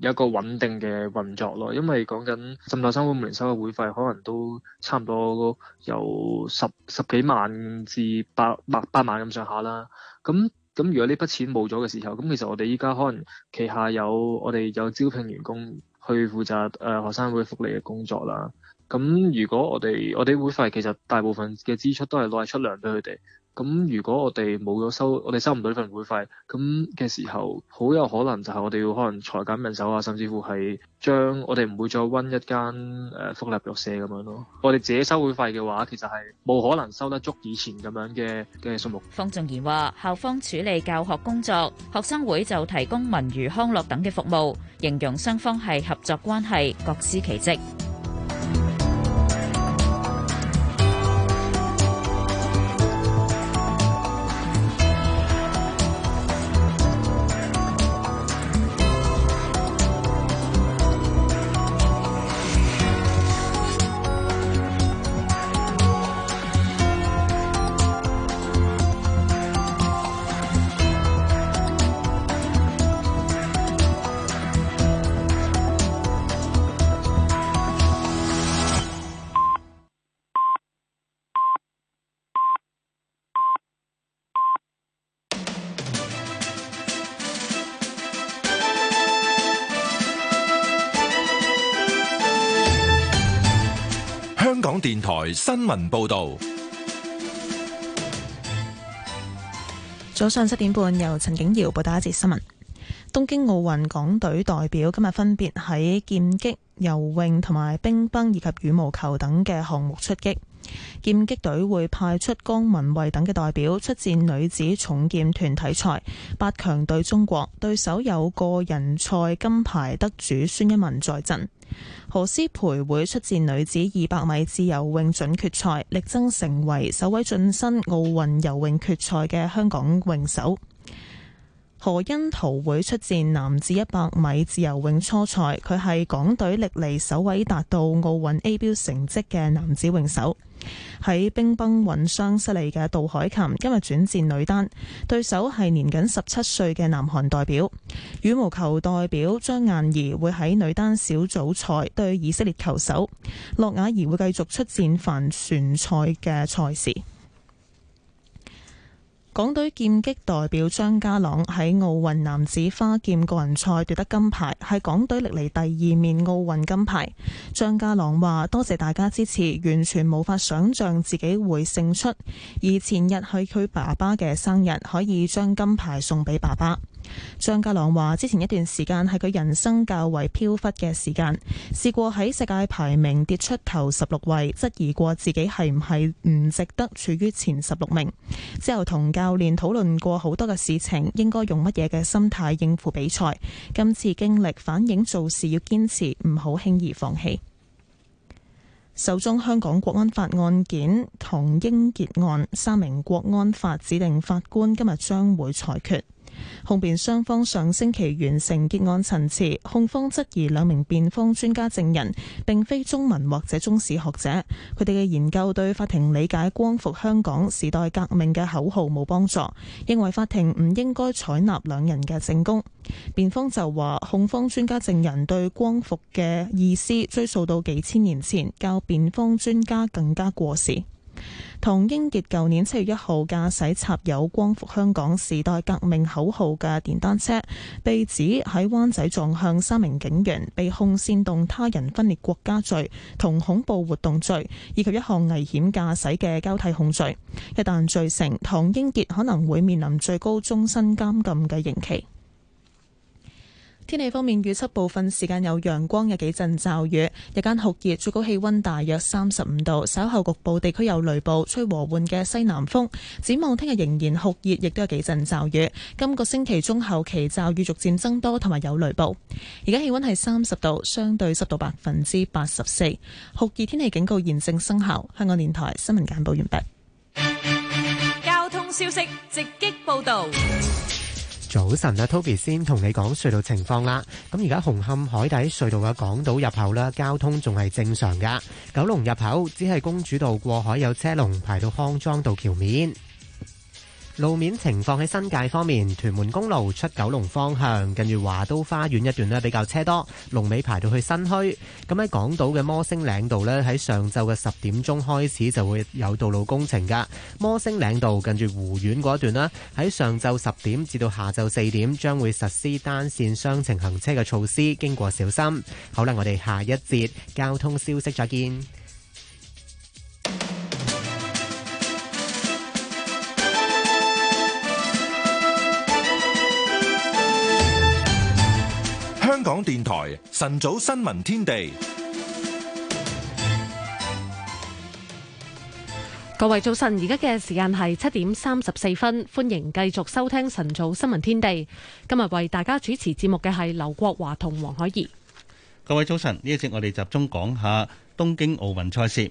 有一個穩定嘅運作咯。因為講緊浸大學生會每年收嘅會費可能都差唔多有十十幾萬至八八八萬咁上下啦。咁咁如果呢筆錢冇咗嘅時候，咁其實我哋依家可能旗下有我哋有招聘員工去負責誒、呃、學生會福利嘅工作啦。咁如果我哋我哋會費其實大部分嘅支出都係攞嚟出糧俾佢哋。咁如果我哋冇咗收，我哋收唔到呢份會費咁嘅時候，好有可能就係我哋要可能裁減人手啊，甚至乎係將我哋唔會再溫一間誒福利藥社咁樣咯。我哋自己收會費嘅話，其實係冇可能收得足以前咁樣嘅嘅數目。方仲賢話：校方處理教學工作，學生會就提供文娛康樂等嘅服務，形容雙方係合作關係，各司其職。新聞報道。早上七點半，由陳景瑤報道一節新聞。東京奧運港隊代表今日分別喺劍擊、游泳同埋乒乓以及羽毛球等嘅項目出擊。劍擊隊會派出江旻憓等嘅代表出戰女子重劍團體賽八強，對中國，對手有個人賽金牌得主孫一文在陣。何詩蓓會出戰女子二百米自由泳準決賽，力爭成為首位晉身奧運游泳決賽嘅香港泳手。何甄陶會出戰男子一百米自由泳初賽，佢係港隊歷嚟首位達到奧運 A 標成績嘅男子泳手。喺乒乓混雙失利嘅杜凱琹今日轉戰女單，對手係年僅十七歲嘅南韓代表。羽毛球代表張雁宜會喺女單小組賽對以色列球手，諾雅怡會繼續出戰帆船賽嘅賽事。港隊劍擊代表張家朗喺奧運男子花劍個人賽奪得金牌，係港隊歷嚟第二面奧運金牌。張家朗話：多謝大家支持，完全無法想象自己會勝出。而前日係佢爸爸嘅生日，可以將金牌送俾爸爸。張家朗話，之前一段時間係佢人生較為飄忽嘅時間，試過喺世界排名跌出頭十六位，質疑過自己係唔係唔值得處於前十六名。之後同教練討論過好多嘅事情，應該用乜嘢嘅心態應付比賽。今次經歷反映做事要堅持，唔好輕易放棄。首宗香港國安法案件，唐英傑案，三名國安法指定法官今日將會裁決。控辯雙方上星期完成結案陳詞，控方質疑兩名辯方專家證人並非中文或者中史學者，佢哋嘅研究對法庭理解光復香港時代革命嘅口號冇幫助，認為法庭唔應該採納兩人嘅證供。辯方就話，控方專家證人對光復嘅意思追溯到幾千年前，較辯方專家更加過時。唐英傑舊年七月一號駕駛插有光復香港時代革命口號嘅電單車，被指喺灣仔撞向三名警員，被控煽動他人分裂國家罪、同恐怖活動罪，以及一項危險駕駛嘅交替控罪。一旦罪成，唐英傑可能會面臨最高終身監禁嘅刑期。天氣方面，預測部分時間有陽光，有幾陣驟雨，日間酷熱，最高氣溫大約三十五度，稍後局部地區有雷暴，吹和緩嘅西南風。展望聽日仍然酷熱，亦都有幾陣驟雨。今個星期中後期驟雨逐漸增多，同埋有雷暴。而家氣溫係三十度，相對濕度百分之八十四，酷熱天氣警告現正生效。香港電台新聞簡報完畢。交通消息直擊報道。早晨啊，Toby 先同你講隧道情況啦。咁而家紅磡海底隧道嘅港島入口咧，交通仲係正常噶。九龍入口只係公主道過海有車龍排到康莊道橋面。路面情況喺新界方面，屯門公路出九龍方向，近住華都花園一段呢，比較車多，龍尾排到去新墟。咁喺港島嘅摩星嶺道呢，喺上晝嘅十點鐘開始就會有道路工程㗎。摩星嶺道近住湖苑嗰段啦，喺上晝十點至到下晝四點將會實施單線雙程行車嘅措施，經過小心。好啦，我哋下一節交通消息再見。港電台晨早新聞天地，各位早晨，而家嘅時間係七點三十四分，歡迎繼續收聽晨早新聞天地。今日為大家主持節目嘅係劉國華同黃海怡。各位早晨，呢一節我哋集中講下東京奧運賽事。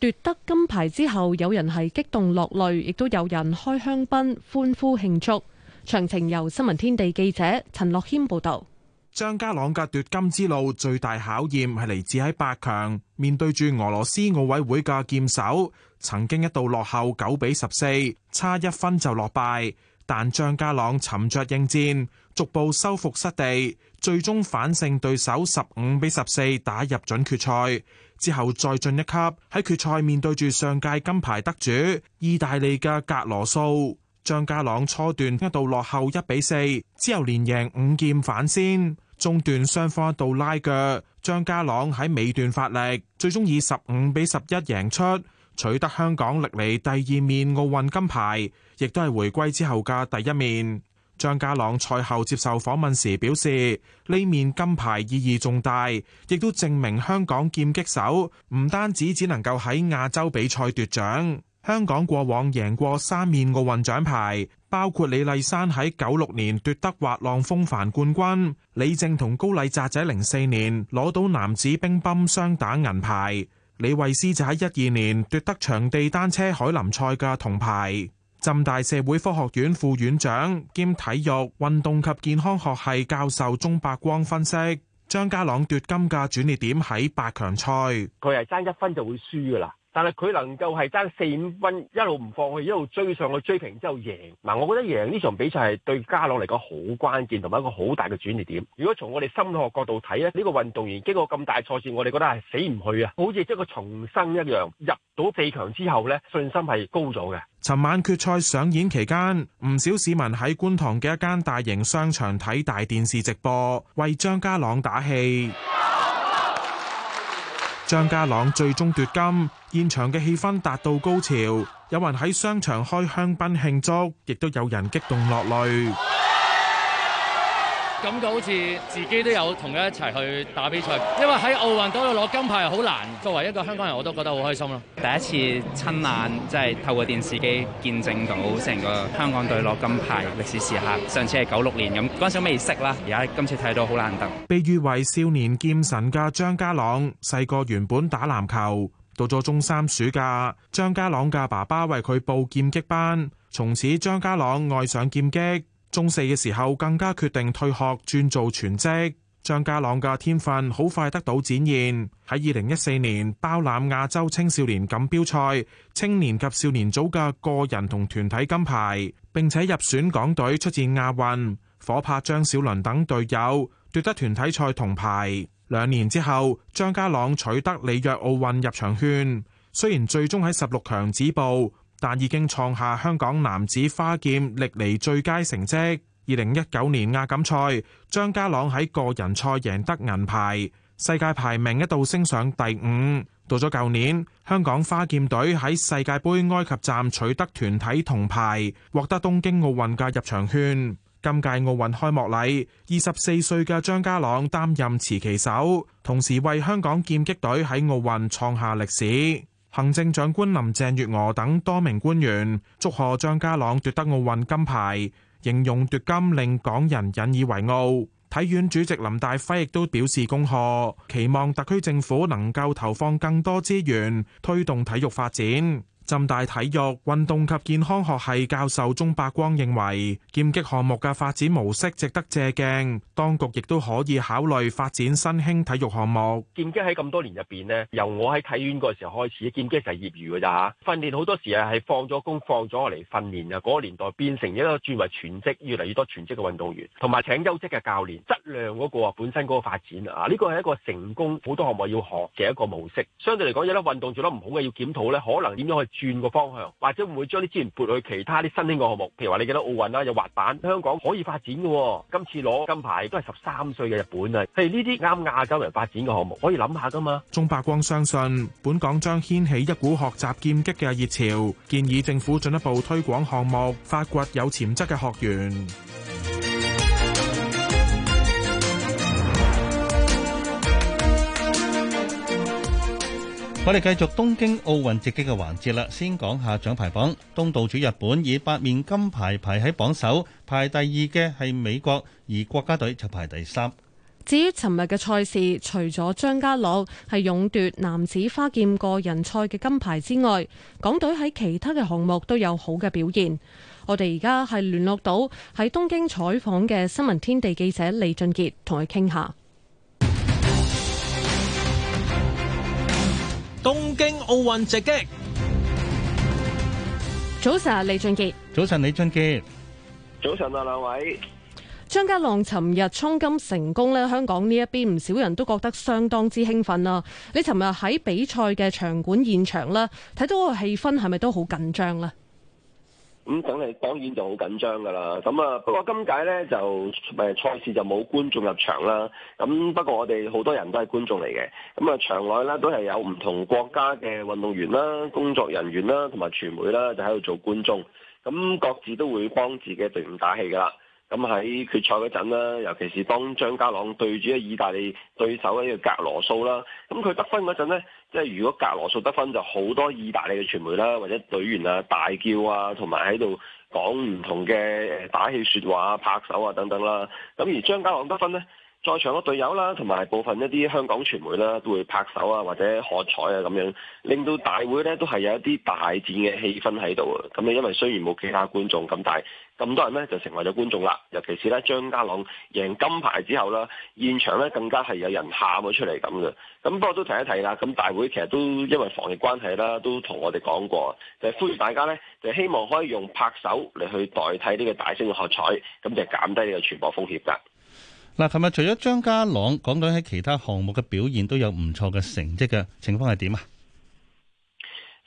奪得金牌之後，有人係激動落淚，亦都有人開香檳歡呼慶祝。詳情由新聞天地記者陳樂謙報道。張家朗嘅奪金之路最大考驗係嚟自喺八強面對住俄羅斯奧委會嘅劍手，曾經一度落後九比十四，差一分就落敗。但張家朗沉着應戰，逐步收復失地，最終反勝對手十五比十四，打入準決賽。之後再進一級喺決賽面對住上屆金牌得主意大利嘅格羅素。張家朗初段一度落後一比四，之後連贏五劍反先，中段雙方一度拉鋸，張家朗喺尾段發力，最終以十五比十一贏出，取得香港歷嚟第二面奧運金牌，亦都係回歸之後嘅第一面。張家朗賽後接受訪問時表示：呢面金牌意義重大，亦都證明香港劍擊手唔單止只能夠喺亞洲比賽奪獎。香港過往贏過三面奧運獎牌，包括李麗珊喺九六年奪得滑浪風帆冠軍，李靜同高禮澤仔零四年攞到男子乒乓雙打銀牌，李慧詩就喺一二年奪得場地單車海林賽嘅銅牌。浸大社會科學院副院長兼體育運動及健康學系教授鍾伯光分析：張家朗奪金嘅轉捩點喺八強賽，佢係爭一分就會輸㗎喇。但係佢能夠係爭四五分，一路唔放棄，一路追上去追平之後贏。嗱，我覺得贏呢場比賽係對家朗嚟講好關鍵，同埋一個好大嘅轉折點。如果從我哋心理學角度睇咧，呢個運動員經過咁大挫折，我哋覺得係死唔去啊，好似即係重生一樣。入到四強之後呢，信心係高咗嘅。尋晚決賽上演期間，唔少市民喺觀塘嘅一間大型商場睇大電視直播，為張家朗打氣。張家朗最終奪金，現場嘅氣氛達到高潮，有人喺商場開香檳慶祝，亦都有人激動落淚。感覺好似自己都有同佢一齊去打比賽，因為喺奧運嗰度攞金牌好難。作為一個香港人，我都覺得好開心咯。第一次親眼即係透過電視機見證到成個香港隊攞金牌嘅歷史時刻。上次係九六年咁，嗰陣時都未識啦。而家今次睇到好難得。被譽為少年劍神嘅張家朗，細個原本打籃球，到咗中三暑假，張家朗嘅爸爸為佢報劍擊班，從此張家朗愛上劍擊。中四嘅時候，更加決定退學，轉做全職。張家朗嘅天分好快得到展現，喺二零一四年包攬亞洲青少年錦標賽青年及少年組嘅個人同團體金牌，並且入選港隊出戰亞運，夥拍張小倫等隊友奪得團體賽銅牌。兩年之後，張家朗取得里約奧運入場券，雖然最終喺十六強止步。但已經創下香港男子花劍歷嚟最佳成績。二零一九年亞錦賽，張家朗喺個人賽贏得銀牌，世界排名一度升上第五。到咗舊年，香港花劍隊喺世界盃埃及站取得團體銅牌，獲得東京奧運嘅入場券。今屆奧運開幕禮，二十四歲嘅張家朗擔任持旗手，同時為香港劍擊隊喺奧運創下歷史。行政長官林鄭月娥等多名官員祝賀張家朗奪得奧運金牌，形容奪金令港人引以為傲。體院主席林大輝亦都表示恭賀，期望特區政府能夠投放更多資源，推動體育發展。浸大體育、運動及健康學系教授鍾伯光認為，劍擊項目嘅發展模式值得借鏡，當局亦都可以考慮發展新興體育項目。劍擊喺咁多年入邊呢，由我喺體院嗰時候開始，劍擊就係業餘㗎咋，訓練好多時係係放咗工放咗嚟訓練啊。嗰個年代變成一個轉為全職，越嚟越多全職嘅運動員，同埋請優質嘅教練，質量嗰個本身嗰個發展啊，呢個係一個成功好多項目要學嘅一個模式。相對嚟講，有啲運動做得唔好嘅要檢討呢，可能點樣去？轉個方向，或者會唔會將啲資源撥去其他啲新興嘅項目，譬如話你記得奧運啦，有滑板，香港可以發展嘅。今次攞金牌都係十三歲嘅日本啊，係呢啲啱亞洲人發展嘅項目，可以諗下噶嘛。鍾伯光相信本港將掀起一股學習劍擊嘅熱潮，建議政府進一步推廣項目，發掘有潛質嘅學員。我哋繼續東京奧運直擊嘅環節啦，先講下獎牌榜。東道主日本以八面金牌排喺榜首，排第二嘅係美國，而國家隊就排第三。至於尋日嘅賽事，除咗張家朗係勇奪男子花劍個人賽嘅金牌之外，港隊喺其他嘅項目都有好嘅表現。我哋而家係聯絡到喺東京採訪嘅新聞天地記者李俊傑，同佢傾下。東京奧運直擊，早晨，李俊傑，早晨。李俊傑，早晨啊，兩位。張家朗尋日衝金成功呢，香港呢一邊唔少人都覺得相當之興奮啊！你尋日喺比賽嘅場館現場啦，睇到個氣氛係咪都好緊張啊？咁梗係當然就好緊張㗎啦。咁啊，不過今屆呢，就誒賽事就冇觀眾入場啦。咁不過我哋好多人都係觀眾嚟嘅。咁啊，場內呢都係有唔同國家嘅運動員啦、工作人員啦同埋傳媒啦，就喺度做觀眾。咁各自都會幫自己隊伍打氣㗎啦。咁喺決賽嗰陣啦，尤其是當張家朗對住一意大利對手呢個格羅素啦，咁佢得分嗰陣咧，即係如果格羅素得分就好多意大利嘅傳媒啦，或者隊員啊大叫啊，同埋喺度講唔同嘅打氣説話、拍手啊等等啦。咁而張家朗得分咧。在場嘅隊友啦，同埋部分一啲香港傳媒啦，都會拍手啊，或者喝彩啊，咁樣令到大會咧都係有一啲大戰嘅氣氛喺度啊。咁咧，因為雖然冇其他觀眾，咁但係咁多人咧就成為咗觀眾啦。尤其是咧張家朗贏金牌之後啦，現場咧更加係有人喊咗出嚟咁嘅。咁不過都提一提啦，咁大會其實都因為防疫關係啦，都同我哋講過，就係歡迎大家咧，就希望可以用拍手嚟去代替呢個大聲嘅喝彩，咁就減低呢個傳播風險噶。嗱，琴日除咗張家朗，講到喺其他項目嘅表現都有唔錯嘅成績嘅情況係點啊？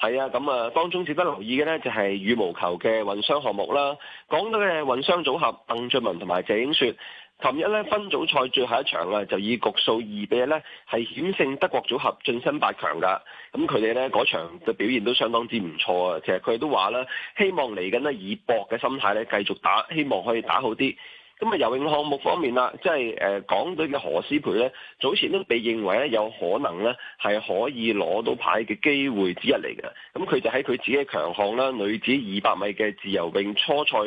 係啊，咁啊，當中值得留意嘅呢就係羽毛球嘅混雙項目啦。講到嘅混雙組合鄧俊文同埋謝影雪，琴日呢分組賽最後一場啊，就以局數二比一呢，係險勝德國組合晉身八強噶。咁佢哋呢嗰場嘅表現都相當之唔錯啊。其實佢哋都話咧，希望嚟緊呢以搏嘅心態呢，繼續打，希望可以打好啲。咁啊！游泳項目方面啦，即係誒港隊嘅何詩蓓咧，早前都被認為咧有可能咧係可以攞到牌嘅機會之一嚟嘅。咁佢就喺佢自己嘅強項啦，女子二百米嘅自由泳初賽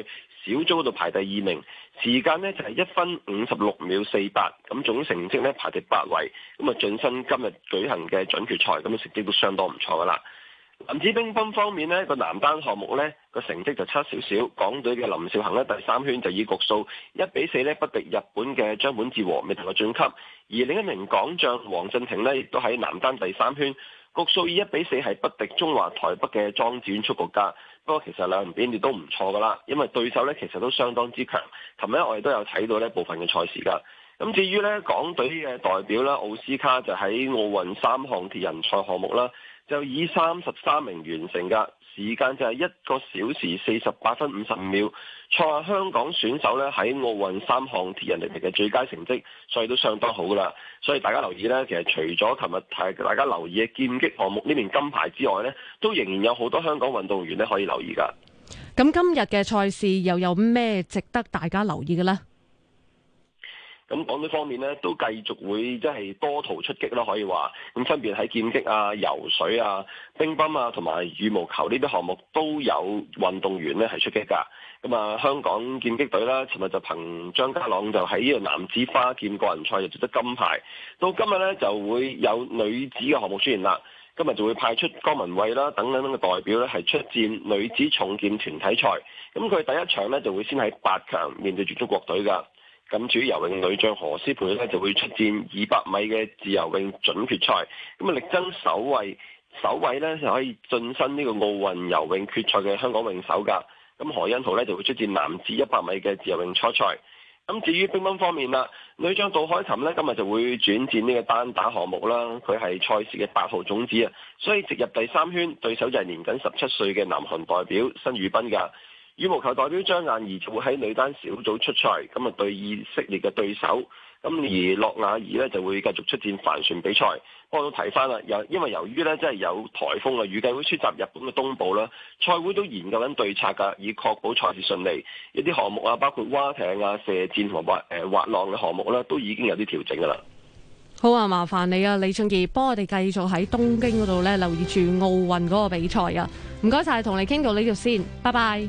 小組度排第二名，時間咧就係一分五十六秒四八，咁總成績咧排第八位，咁啊晉身今日舉行嘅準決賽，咁嘅成績都相當唔錯㗎喇。男子乒乓方面呢個男單項目呢個成績就差少少。港隊嘅林兆恒呢，第三圈就以局數一比四呢，不敵日本嘅張本智和，未能夠晉級。而另一名港將黃鎮廷呢，亦都喺男單第三圈局數以一比四係不敵中華台北嘅莊智淵出國家。不過其實兩邊亦都唔錯噶啦，因為對手呢其實都相當之強。琴日我哋都有睇到呢部分嘅賽事噶。咁至於呢，港隊嘅代表啦，奧斯卡就喺奧運三項鐵人賽項目啦，就以三十三名完成噶，時間就係一個小時四十八分五十五秒，創下，嗯、香港選手咧喺奧運三項鐵人嚟嘅最佳成績，所以都相當好噶啦，所以大家留意咧，其實除咗琴日提大家留意嘅劍擊項目呢面金牌之外咧，都仍然有好多香港運動員咧可以留意噶。咁今日嘅賽事又有咩值得大家留意嘅咧？咁港隊方面咧，都繼續會即係多途出擊咯，可以話咁分別喺劍擊啊、游水啊、乒乓啊同埋羽毛球呢啲項目都有運動員咧係出擊㗎。咁、嗯、啊，香港劍擊隊啦，尋日就憑張家朗就喺呢個男子花劍個人賽就奪得金牌。到今日咧就會有女子嘅項目出現啦。今日就會派出江文蔚啦等等嘅代表咧係出戰女子重劍團體賽。咁、嗯、佢第一場咧就會先喺八強面對住中國隊㗎。咁至於游泳女將何詩蓓咧，就會出戰二百米嘅自由泳準決賽，咁啊力爭首位，首位咧就可以晉身呢個奧運游泳決賽嘅香港泳手噶。咁何欣豪咧就會出戰男子一百米嘅自由泳初賽。咁至於乒乓方面啦，女將杜凱琹咧今日就會轉戰呢個單打項目啦，佢係賽事嘅八號種子啊，所以直入第三圈，對手就係年僅十七歲嘅南韓代表申裕斌噶。羽毛球代表張雁宜會喺女單小組出賽，咁啊對以色列嘅對手。咁而諾瓦爾咧就會繼續出戰帆船比賽。不過都睇翻啦，由因為由於咧，即係有台風啊，預計會出襲日本嘅東部啦。賽會都研究緊對策噶，以確保賽事順利。一啲項目啊，包括蛙艇啊、射箭同滑誒滑浪嘅項目咧，都已經有啲調整噶啦。好啊，麻煩你啊，李俊杰幫我哋繼續喺東京嗰度呢留意住奧運嗰個比賽啊。唔該晒，同你傾到呢度先，拜拜。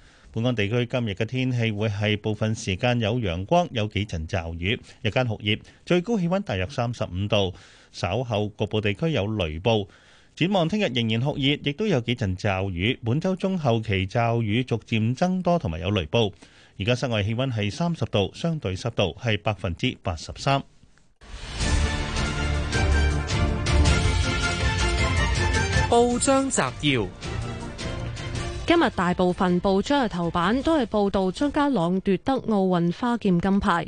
本港地區今日嘅天氣會係部分時間有陽光，有幾陣驟雨，日間酷熱，最高氣溫大約三十五度。稍後局部地區有雷暴。展望聽日仍然酷熱，亦都有幾陣驟雨。本周中後期驟雨逐漸增多，同埋有雷暴。而家室外氣溫係三十度，相對濕度係百分之八十三。報章摘要。今日大部分報章嘅頭版都係報道張家朗奪得奧運花劍金牌，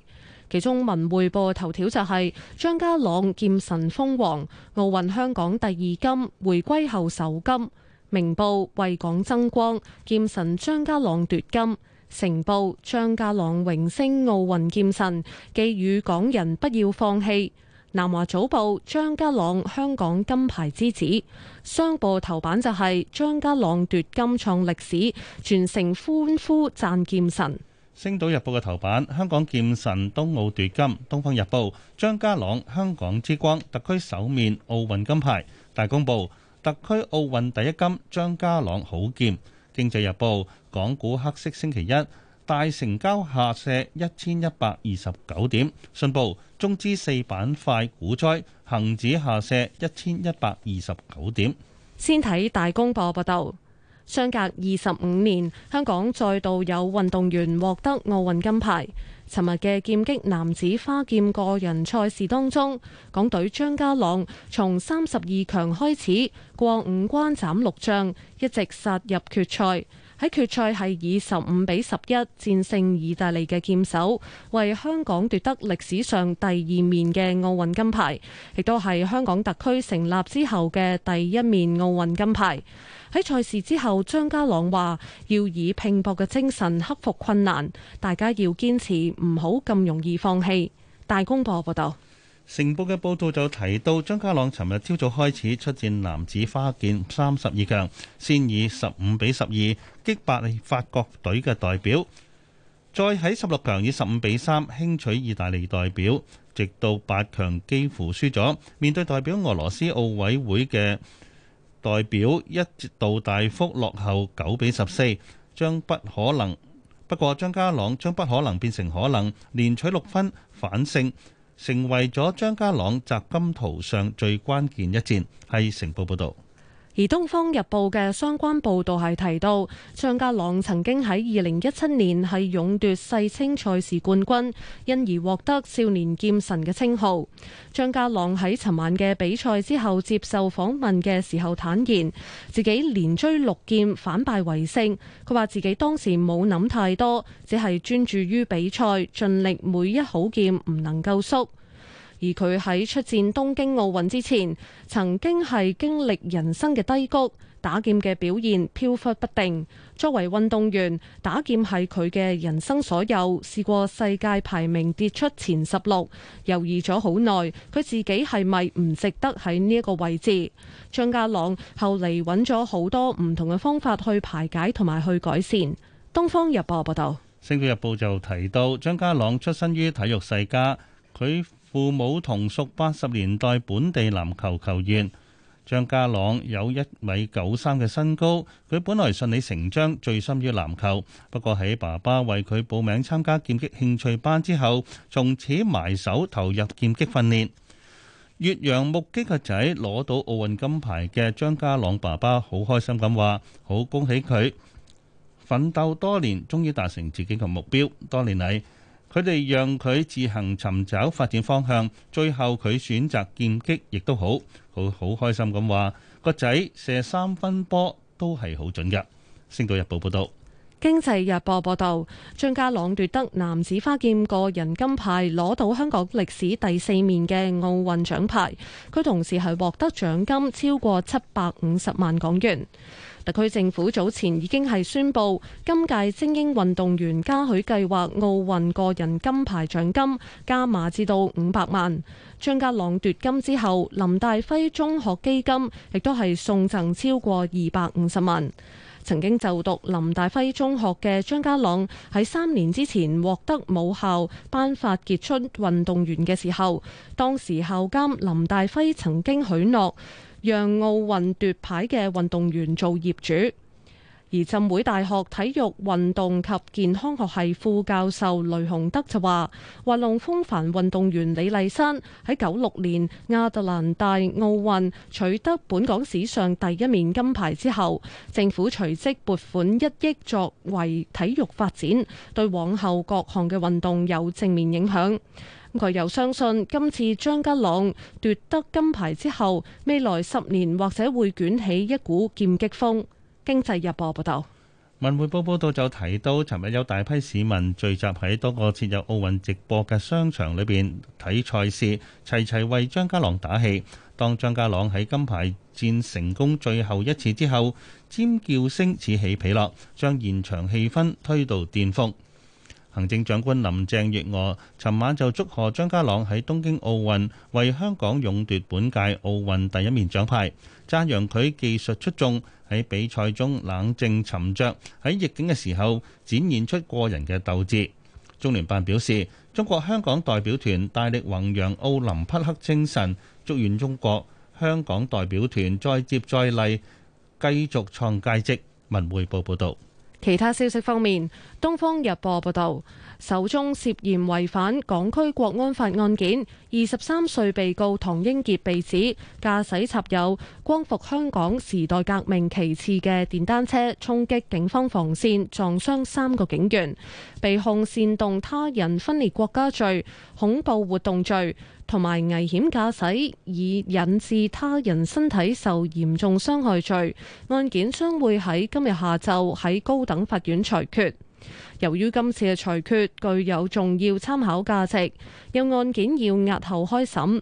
其中文匯報嘅頭條就係、是、張家朗劍神封王，奧運香港第二金，回歸後首金。明報為港爭光，劍神張家朗奪金。成報張家朗榮升奧運劍神，寄語港人不要放棄。南華早報，張家朗香港金牌之子。商報頭版就係張家朗奪金創歷史，全城歡呼讚劍神。星島日報嘅頭版，香港劍神東奧奪金。東方日報，張家朗香港之光，特區首面奧運金牌。大公報，特區奧運第一金張家朗好劍。經濟日報，港股黑色星期一，大成交下瀉一千一百二十九點，信報中資四板塊股災，恒指下瀉一千一百二十九點。先睇大公報報道，相隔二十五年，香港再度有運動員獲得奧運金牌。尋日嘅劍擊男子花劍個人賽事當中，港隊張家朗從三十二強開始過五關斬六將，一直殺入決賽。喺決賽係以十五比十一戰勝意大利嘅劍手，為香港奪得歷史上第二面嘅奧運金牌，亦都係香港特區成立之後嘅第一面奧運金牌。喺賽事之後，張家朗話要以拼搏嘅精神克服困難，大家要堅持，唔好咁容易放棄。大公報報道。成報嘅報道就提到，張家朗尋日朝早開始出戰男子花劍三十二強，先以十五比十二擊敗法國隊嘅代表，再喺十六強以十五比三輕取意大利代表，直到八強幾乎輸咗，面對代表俄羅斯奧委會嘅代表一度大幅落後九比十四，將不可能。不過張家朗將不可能變成可能，連取六分反勝。成為咗張家朗集金圖上最關鍵一戰，係《成報》報導。而《東方日報》嘅相關報導係提到，張家朗曾經喺二零一七年係勇奪世青賽事冠軍，因而獲得少年劍神嘅稱號。張家朗喺尋晚嘅比賽之後接受訪問嘅時候坦言，自己連追六劍反敗為勝。佢話自己當時冇諗太多，只係專注於比賽，盡力每一好劍唔能夠縮。而佢喺出戰東京奧運之前，曾經係經歷人生嘅低谷，打劍嘅表現飄忽不定。作為運動員，打劍係佢嘅人生所有。試過世界排名跌出前十六，猶豫咗好耐，佢自己係咪唔值得喺呢一個位置？張家朗後嚟揾咗好多唔同嘅方法去排解同埋去改善。東方日報報道，《星島日報》就提到張家朗出身於體育世家，佢。父母同屬八十年代本地籃球球員，張家朗有一米九三嘅身高，佢本來順理成章最深於籃球，不過喺爸爸為佢報名參加劍擊興趣班之後，從此埋手投入劍擊訓練。越洋目擊個仔攞到奧運金牌嘅張家朗爸爸好開心咁話，好恭喜佢，奮鬥多年終於達成自己嘅目標。多年嚟，佢哋讓佢自行尋找發展方向，最後佢選擇劍擊，亦都好好好開心咁話，個仔射三分波都係好準㗎。星島日報報道，經濟日報報道，張家朗奪得男子花劍個人金牌，攞到香港歷史第四面嘅奧運獎牌。佢同時係獲得獎金超過七百五十萬港元。特區政府早前已經係宣布，今屆精英運動員嘉許計劃奧運個人金牌獎金加碼至到五百萬。張家朗奪金之後，林大輝中學基金亦都係送贈超過二百五十萬。曾經就讀林大輝中學嘅張家朗喺三年之前獲得母校頒發傑出運動員嘅時候，當時校監林大輝曾經許諾。讓奧運奪牌嘅運動員做業主。而浸會大學體育運動及健康學系副教授雷洪德就話，滑浪風帆運動員李麗珊喺九六年亞特蘭大奧運取得本港史上第一面金牌之後，政府隨即撥款一億作為體育發展，對往後各項嘅運動有正面影響。佢又相信今次張家朗奪得金牌之後，未來十年或者會捲起一股劍擊風。經濟日報報道，文匯報報道就提到，尋日有大批市民聚集喺多個設有奧運直播嘅商場裏邊睇賽事，齊齊為張家朗打氣。當張家朗喺金牌戰成功最後一次之後，尖叫聲此起彼落，將現場氣氛推到巔峯。行政長官林鄭月娥尋晚就祝賀張家朗喺東京奧運為香港勇奪本屆奧運第一面獎牌，讚揚佢技術出眾，喺比賽中冷靜沉着，喺逆境嘅時候展現出過人嘅鬥志。中聯辦表示，中國香港代表團大力弘揚奧林匹克精神，祝願中國香港代表團再接再厲，繼續創佳績。文匯報報道。其他消息方面，《東方日報》報道。首宗涉嫌違反港區國安法案件，二十三歲被告唐英傑被指駕駛插有光復香港時代革命旗幟嘅電單車衝擊警方防線，撞傷三個警員，被控煽動他人分裂國家罪、恐怖活動罪同埋危險駕駛以引致他人身體受嚴重傷害罪。案件將會喺今日下晝喺高等法院裁決。由於今次嘅裁決具有重要參考價值，有案件要押後開審。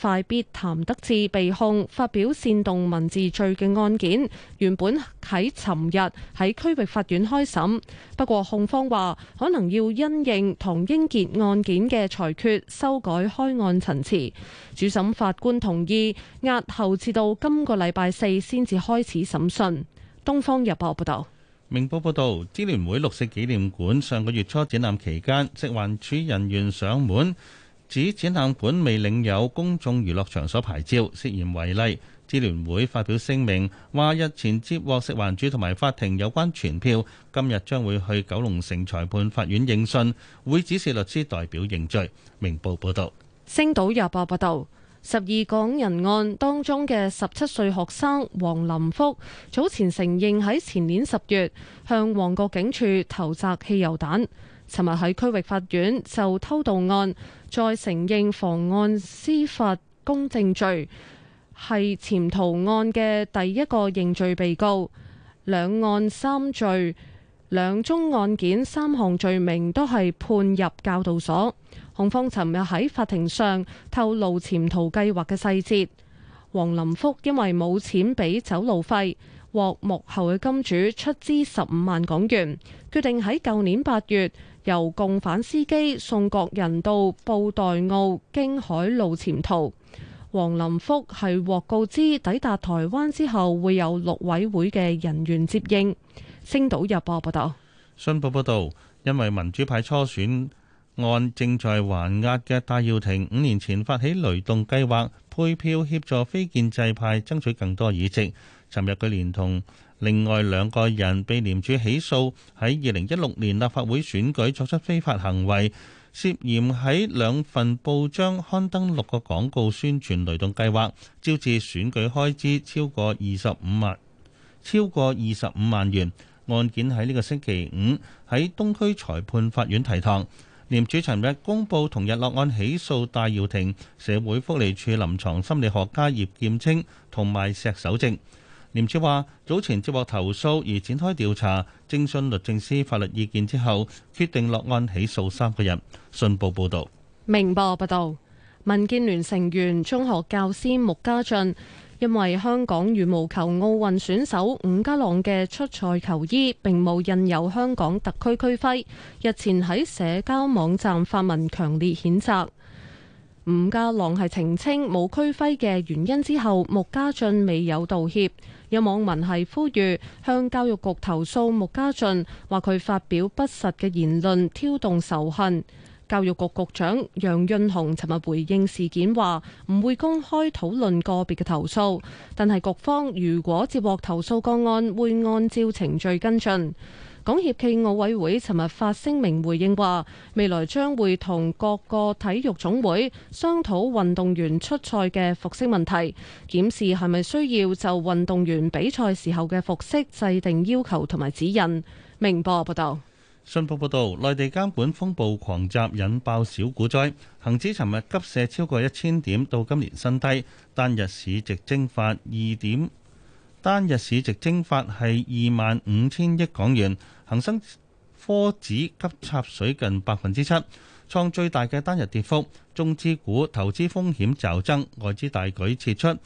快必譚德志被控發表煽動文字罪嘅案件，原本喺尋日喺區域法院開審，不過控方話可能要因應唐英傑案件嘅裁決，修改開案陳詞。主審法官同意押後至到今個禮拜四先至開始審訊。《東方日報》報道。明報報道，支聯會六四紀念館上個月初展覽期間，食環署人員上門指展覽館未領有公眾娛樂場所牌照，涉嫌違例。支聯會發表聲明話，日前接獲食環署同埋法庭有關傳票，今日將會去九龍城裁判法院應訊，會指示律師代表認罪。明報報道，星島日報報道。十二港人案當中嘅十七歲學生黃林福，早前承認喺前年十月向旺角警署投擲汽油彈。尋日喺區域法院就偷渡案再承認妨礙司法公正罪，係潛逃案嘅第一個認罪被告。兩案三罪，兩宗案件三項罪名都係判入教導所。控方尋日喺法庭上透露潛逃計劃嘅細節。黃林福因為冇錢俾走路費，獲幕後嘅金主出資十五萬港元，決定喺舊年八月由共犯司機宋國仁到布袋澳經海路潛逃。黃林福係獲告知，抵達台灣之後會有陸委會嘅人員接應。星島日報報道。信報報道，因為民主派初選。案正在還押嘅戴耀廷，五年前發起雷動計劃，配票協助非建制派爭取更多議席。尋日佢連同另外兩個人被廉署起訴，喺二零一六年立法會選舉作出非法行為，涉嫌喺兩份報章刊登六個廣告宣傳雷動計劃，招致選舉開支超過二十五萬，超過二十五萬元。案件喺呢個星期五喺東區裁判法院提堂。廉署尋日公布，同日落案起訴戴耀廷、社會福利署臨床心理學家葉劍青同埋石守正。廉署話早前接獲投訴而展開調查，徵詢律政司法律意見之後，決定落案起訴三個人。信報報道：明報報道，民建聯成員中學教師穆家俊。因為香港羽毛球奧運選手伍家朗嘅出賽球衣並冇印有香港特區區徽，日前喺社交網站發文強烈譴責。伍家朗係澄清冇區徽嘅原因之後，穆家俊未有道歉。有網民係呼籲向教育局投訴穆家俊，話佢發表不實嘅言論，挑動仇恨。教育局局長楊潤雄尋日回應事件話，唔會公開討論個別嘅投訴，但係局方如果接獲投訴個案，會按照程序跟進。港協暨奧委會尋日發聲明回應話，未來將會同各個體育總會商討運動員出賽嘅服飾問題，檢視係咪需要就運動員比賽時候嘅服飾制定要求同埋指引。明報報道。信報報道，內地監管風暴狂襲，引爆小股災。恒指尋日急瀉超過一千點到今年新低，單日市值蒸發二點，單日市值蒸發係二萬五千億港元。恒生科指急插水近百分之七，創最大嘅單日跌幅。中資股投資風險驟增，外資大舉撤出，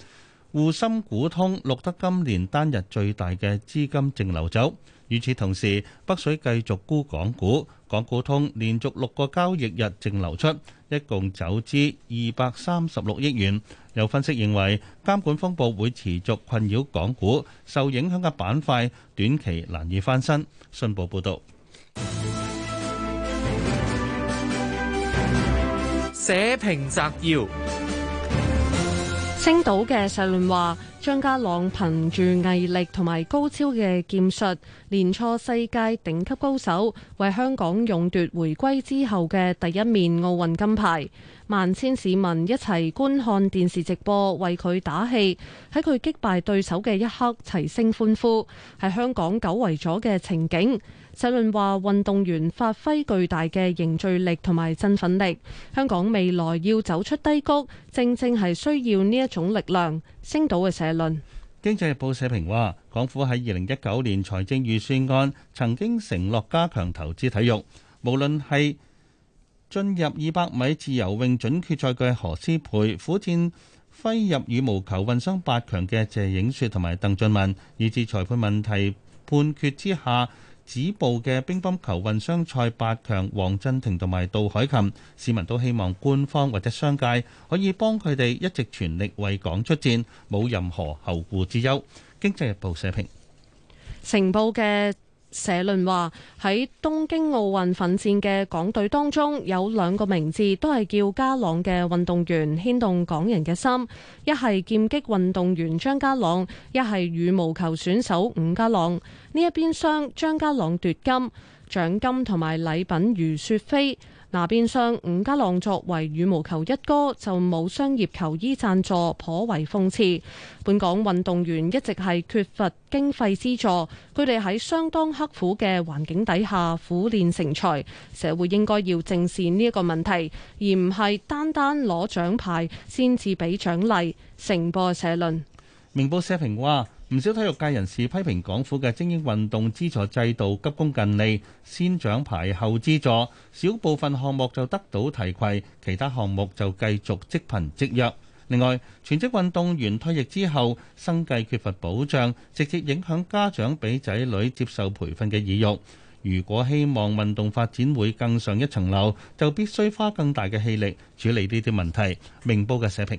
滬深股通錄得今年單日最大嘅資金淨流走。與此同時，北水繼續沽港股，港股通連續六個交易日淨流出，一共走資二百三十六億元。有分析認為，監管風暴會持續困擾港股，受影響嘅板塊短期難以翻身。信報報道，社評摘要。星島嘅社論話：張家朗憑住毅力同埋高超嘅劍術，連挫世界頂級高手，為香港勇奪回歸之後嘅第一面奧運金牌。萬千市民一齊觀看電視直播，為佢打氣。喺佢擊敗對手嘅一刻，齊聲歡呼，係香港久違咗嘅情景。社論話，運動員發揮巨大嘅凝聚力同埋振奮力。香港未來要走出低谷，正正係需要呢一種力量。星島嘅社論，《經濟日報社評》社評話，港府喺二零一九年財政預算案曾經承諾加強投資體育，無論係進入二百米自由泳準決賽嘅何詩蓓，苦戰揮入羽毛球混雙八強嘅謝影雪同埋鄧俊文，以至裁判問題判決之下。止步嘅乒乓球混雙賽八強，黃鎮廷同埋杜凱琹，市民都希望官方或者商界可以幫佢哋一直全力為港出戰，冇任何後顧之憂。《經濟日報》社評：成報嘅社論話喺東京奧運奮戰嘅港隊當中，有兩個名字都係叫家朗嘅運動員牽動港人嘅心，一係劍擊運動員張家朗，一係羽毛球選手伍家朗。呢一邊廂張家朗奪金，獎金同埋禮品如雪飛。嗱，變相伍家朗作為羽毛球一哥就冇商業球衣贊助，頗為諷刺。本港運動員一直係缺乏經費資助，佢哋喺相當刻苦嘅環境底下苦練成才。社會應該要正視呢一個問題，而唔係單單攞獎牌先至俾獎勵，成播社論。明報社評話。唔少體育界人士批評港府嘅精英運動資助制度急功近利，先獎牌後資助，少部分項目就得到提攜，其他項目就繼續積貧積弱。另外，全職運動員退役之後生計缺乏保障，直接影響家長俾仔女接受培訓嘅意欲。如果希望運動發展會更上一層樓，就必須花更大嘅氣力處理呢啲問題。明報嘅社評。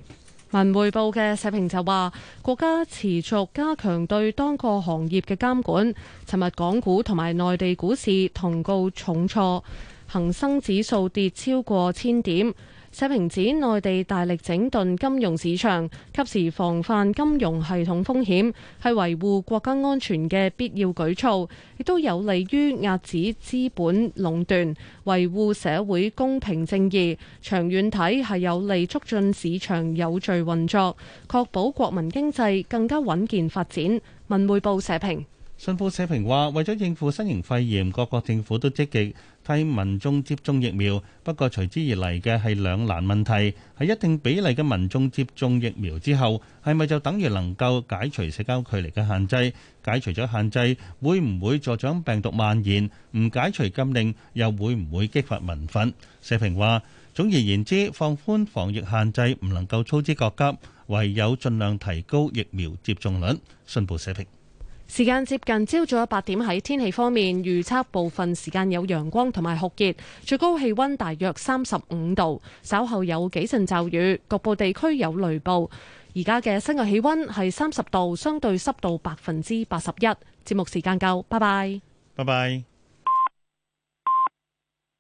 文匯報嘅社評就話：國家持續加強對當個行業嘅監管。尋日港股同埋內地股市同告重挫，恒生指數跌超過千點。社評指，內地大力整頓金融市場，及時防範金融系統風險，係維護國家安全嘅必要舉措，亦都有利於壓止資本壟斷，維護社會公平正義。長遠睇係有利促進市場有序運作，確保國民經濟更加穩健發展。文匯報社評，信報社評話，為咗應付新型肺炎，各國政府都積極。係民眾接種疫苗，不過隨之而嚟嘅係兩難問題，係一定比例嘅民眾接種疫苗之後，係咪就等於能夠解除社交距離嘅限制？解除咗限制，會唔會助長病毒蔓延？唔解除禁令，又會唔會激發民憤？社評話：總而言之，放寬防疫限制唔能夠操之過急，唯有盡量提高疫苗接種率。信報社評。時間接近朝早八點，喺天氣方面預測部分時間有陽光同埋酷熱，最高氣溫大約三十五度，稍後有幾陣驟雨，局部地區有雷暴。而家嘅室外氣溫係三十度，相對濕度百分之八十一。節目時間夠，拜拜，拜拜。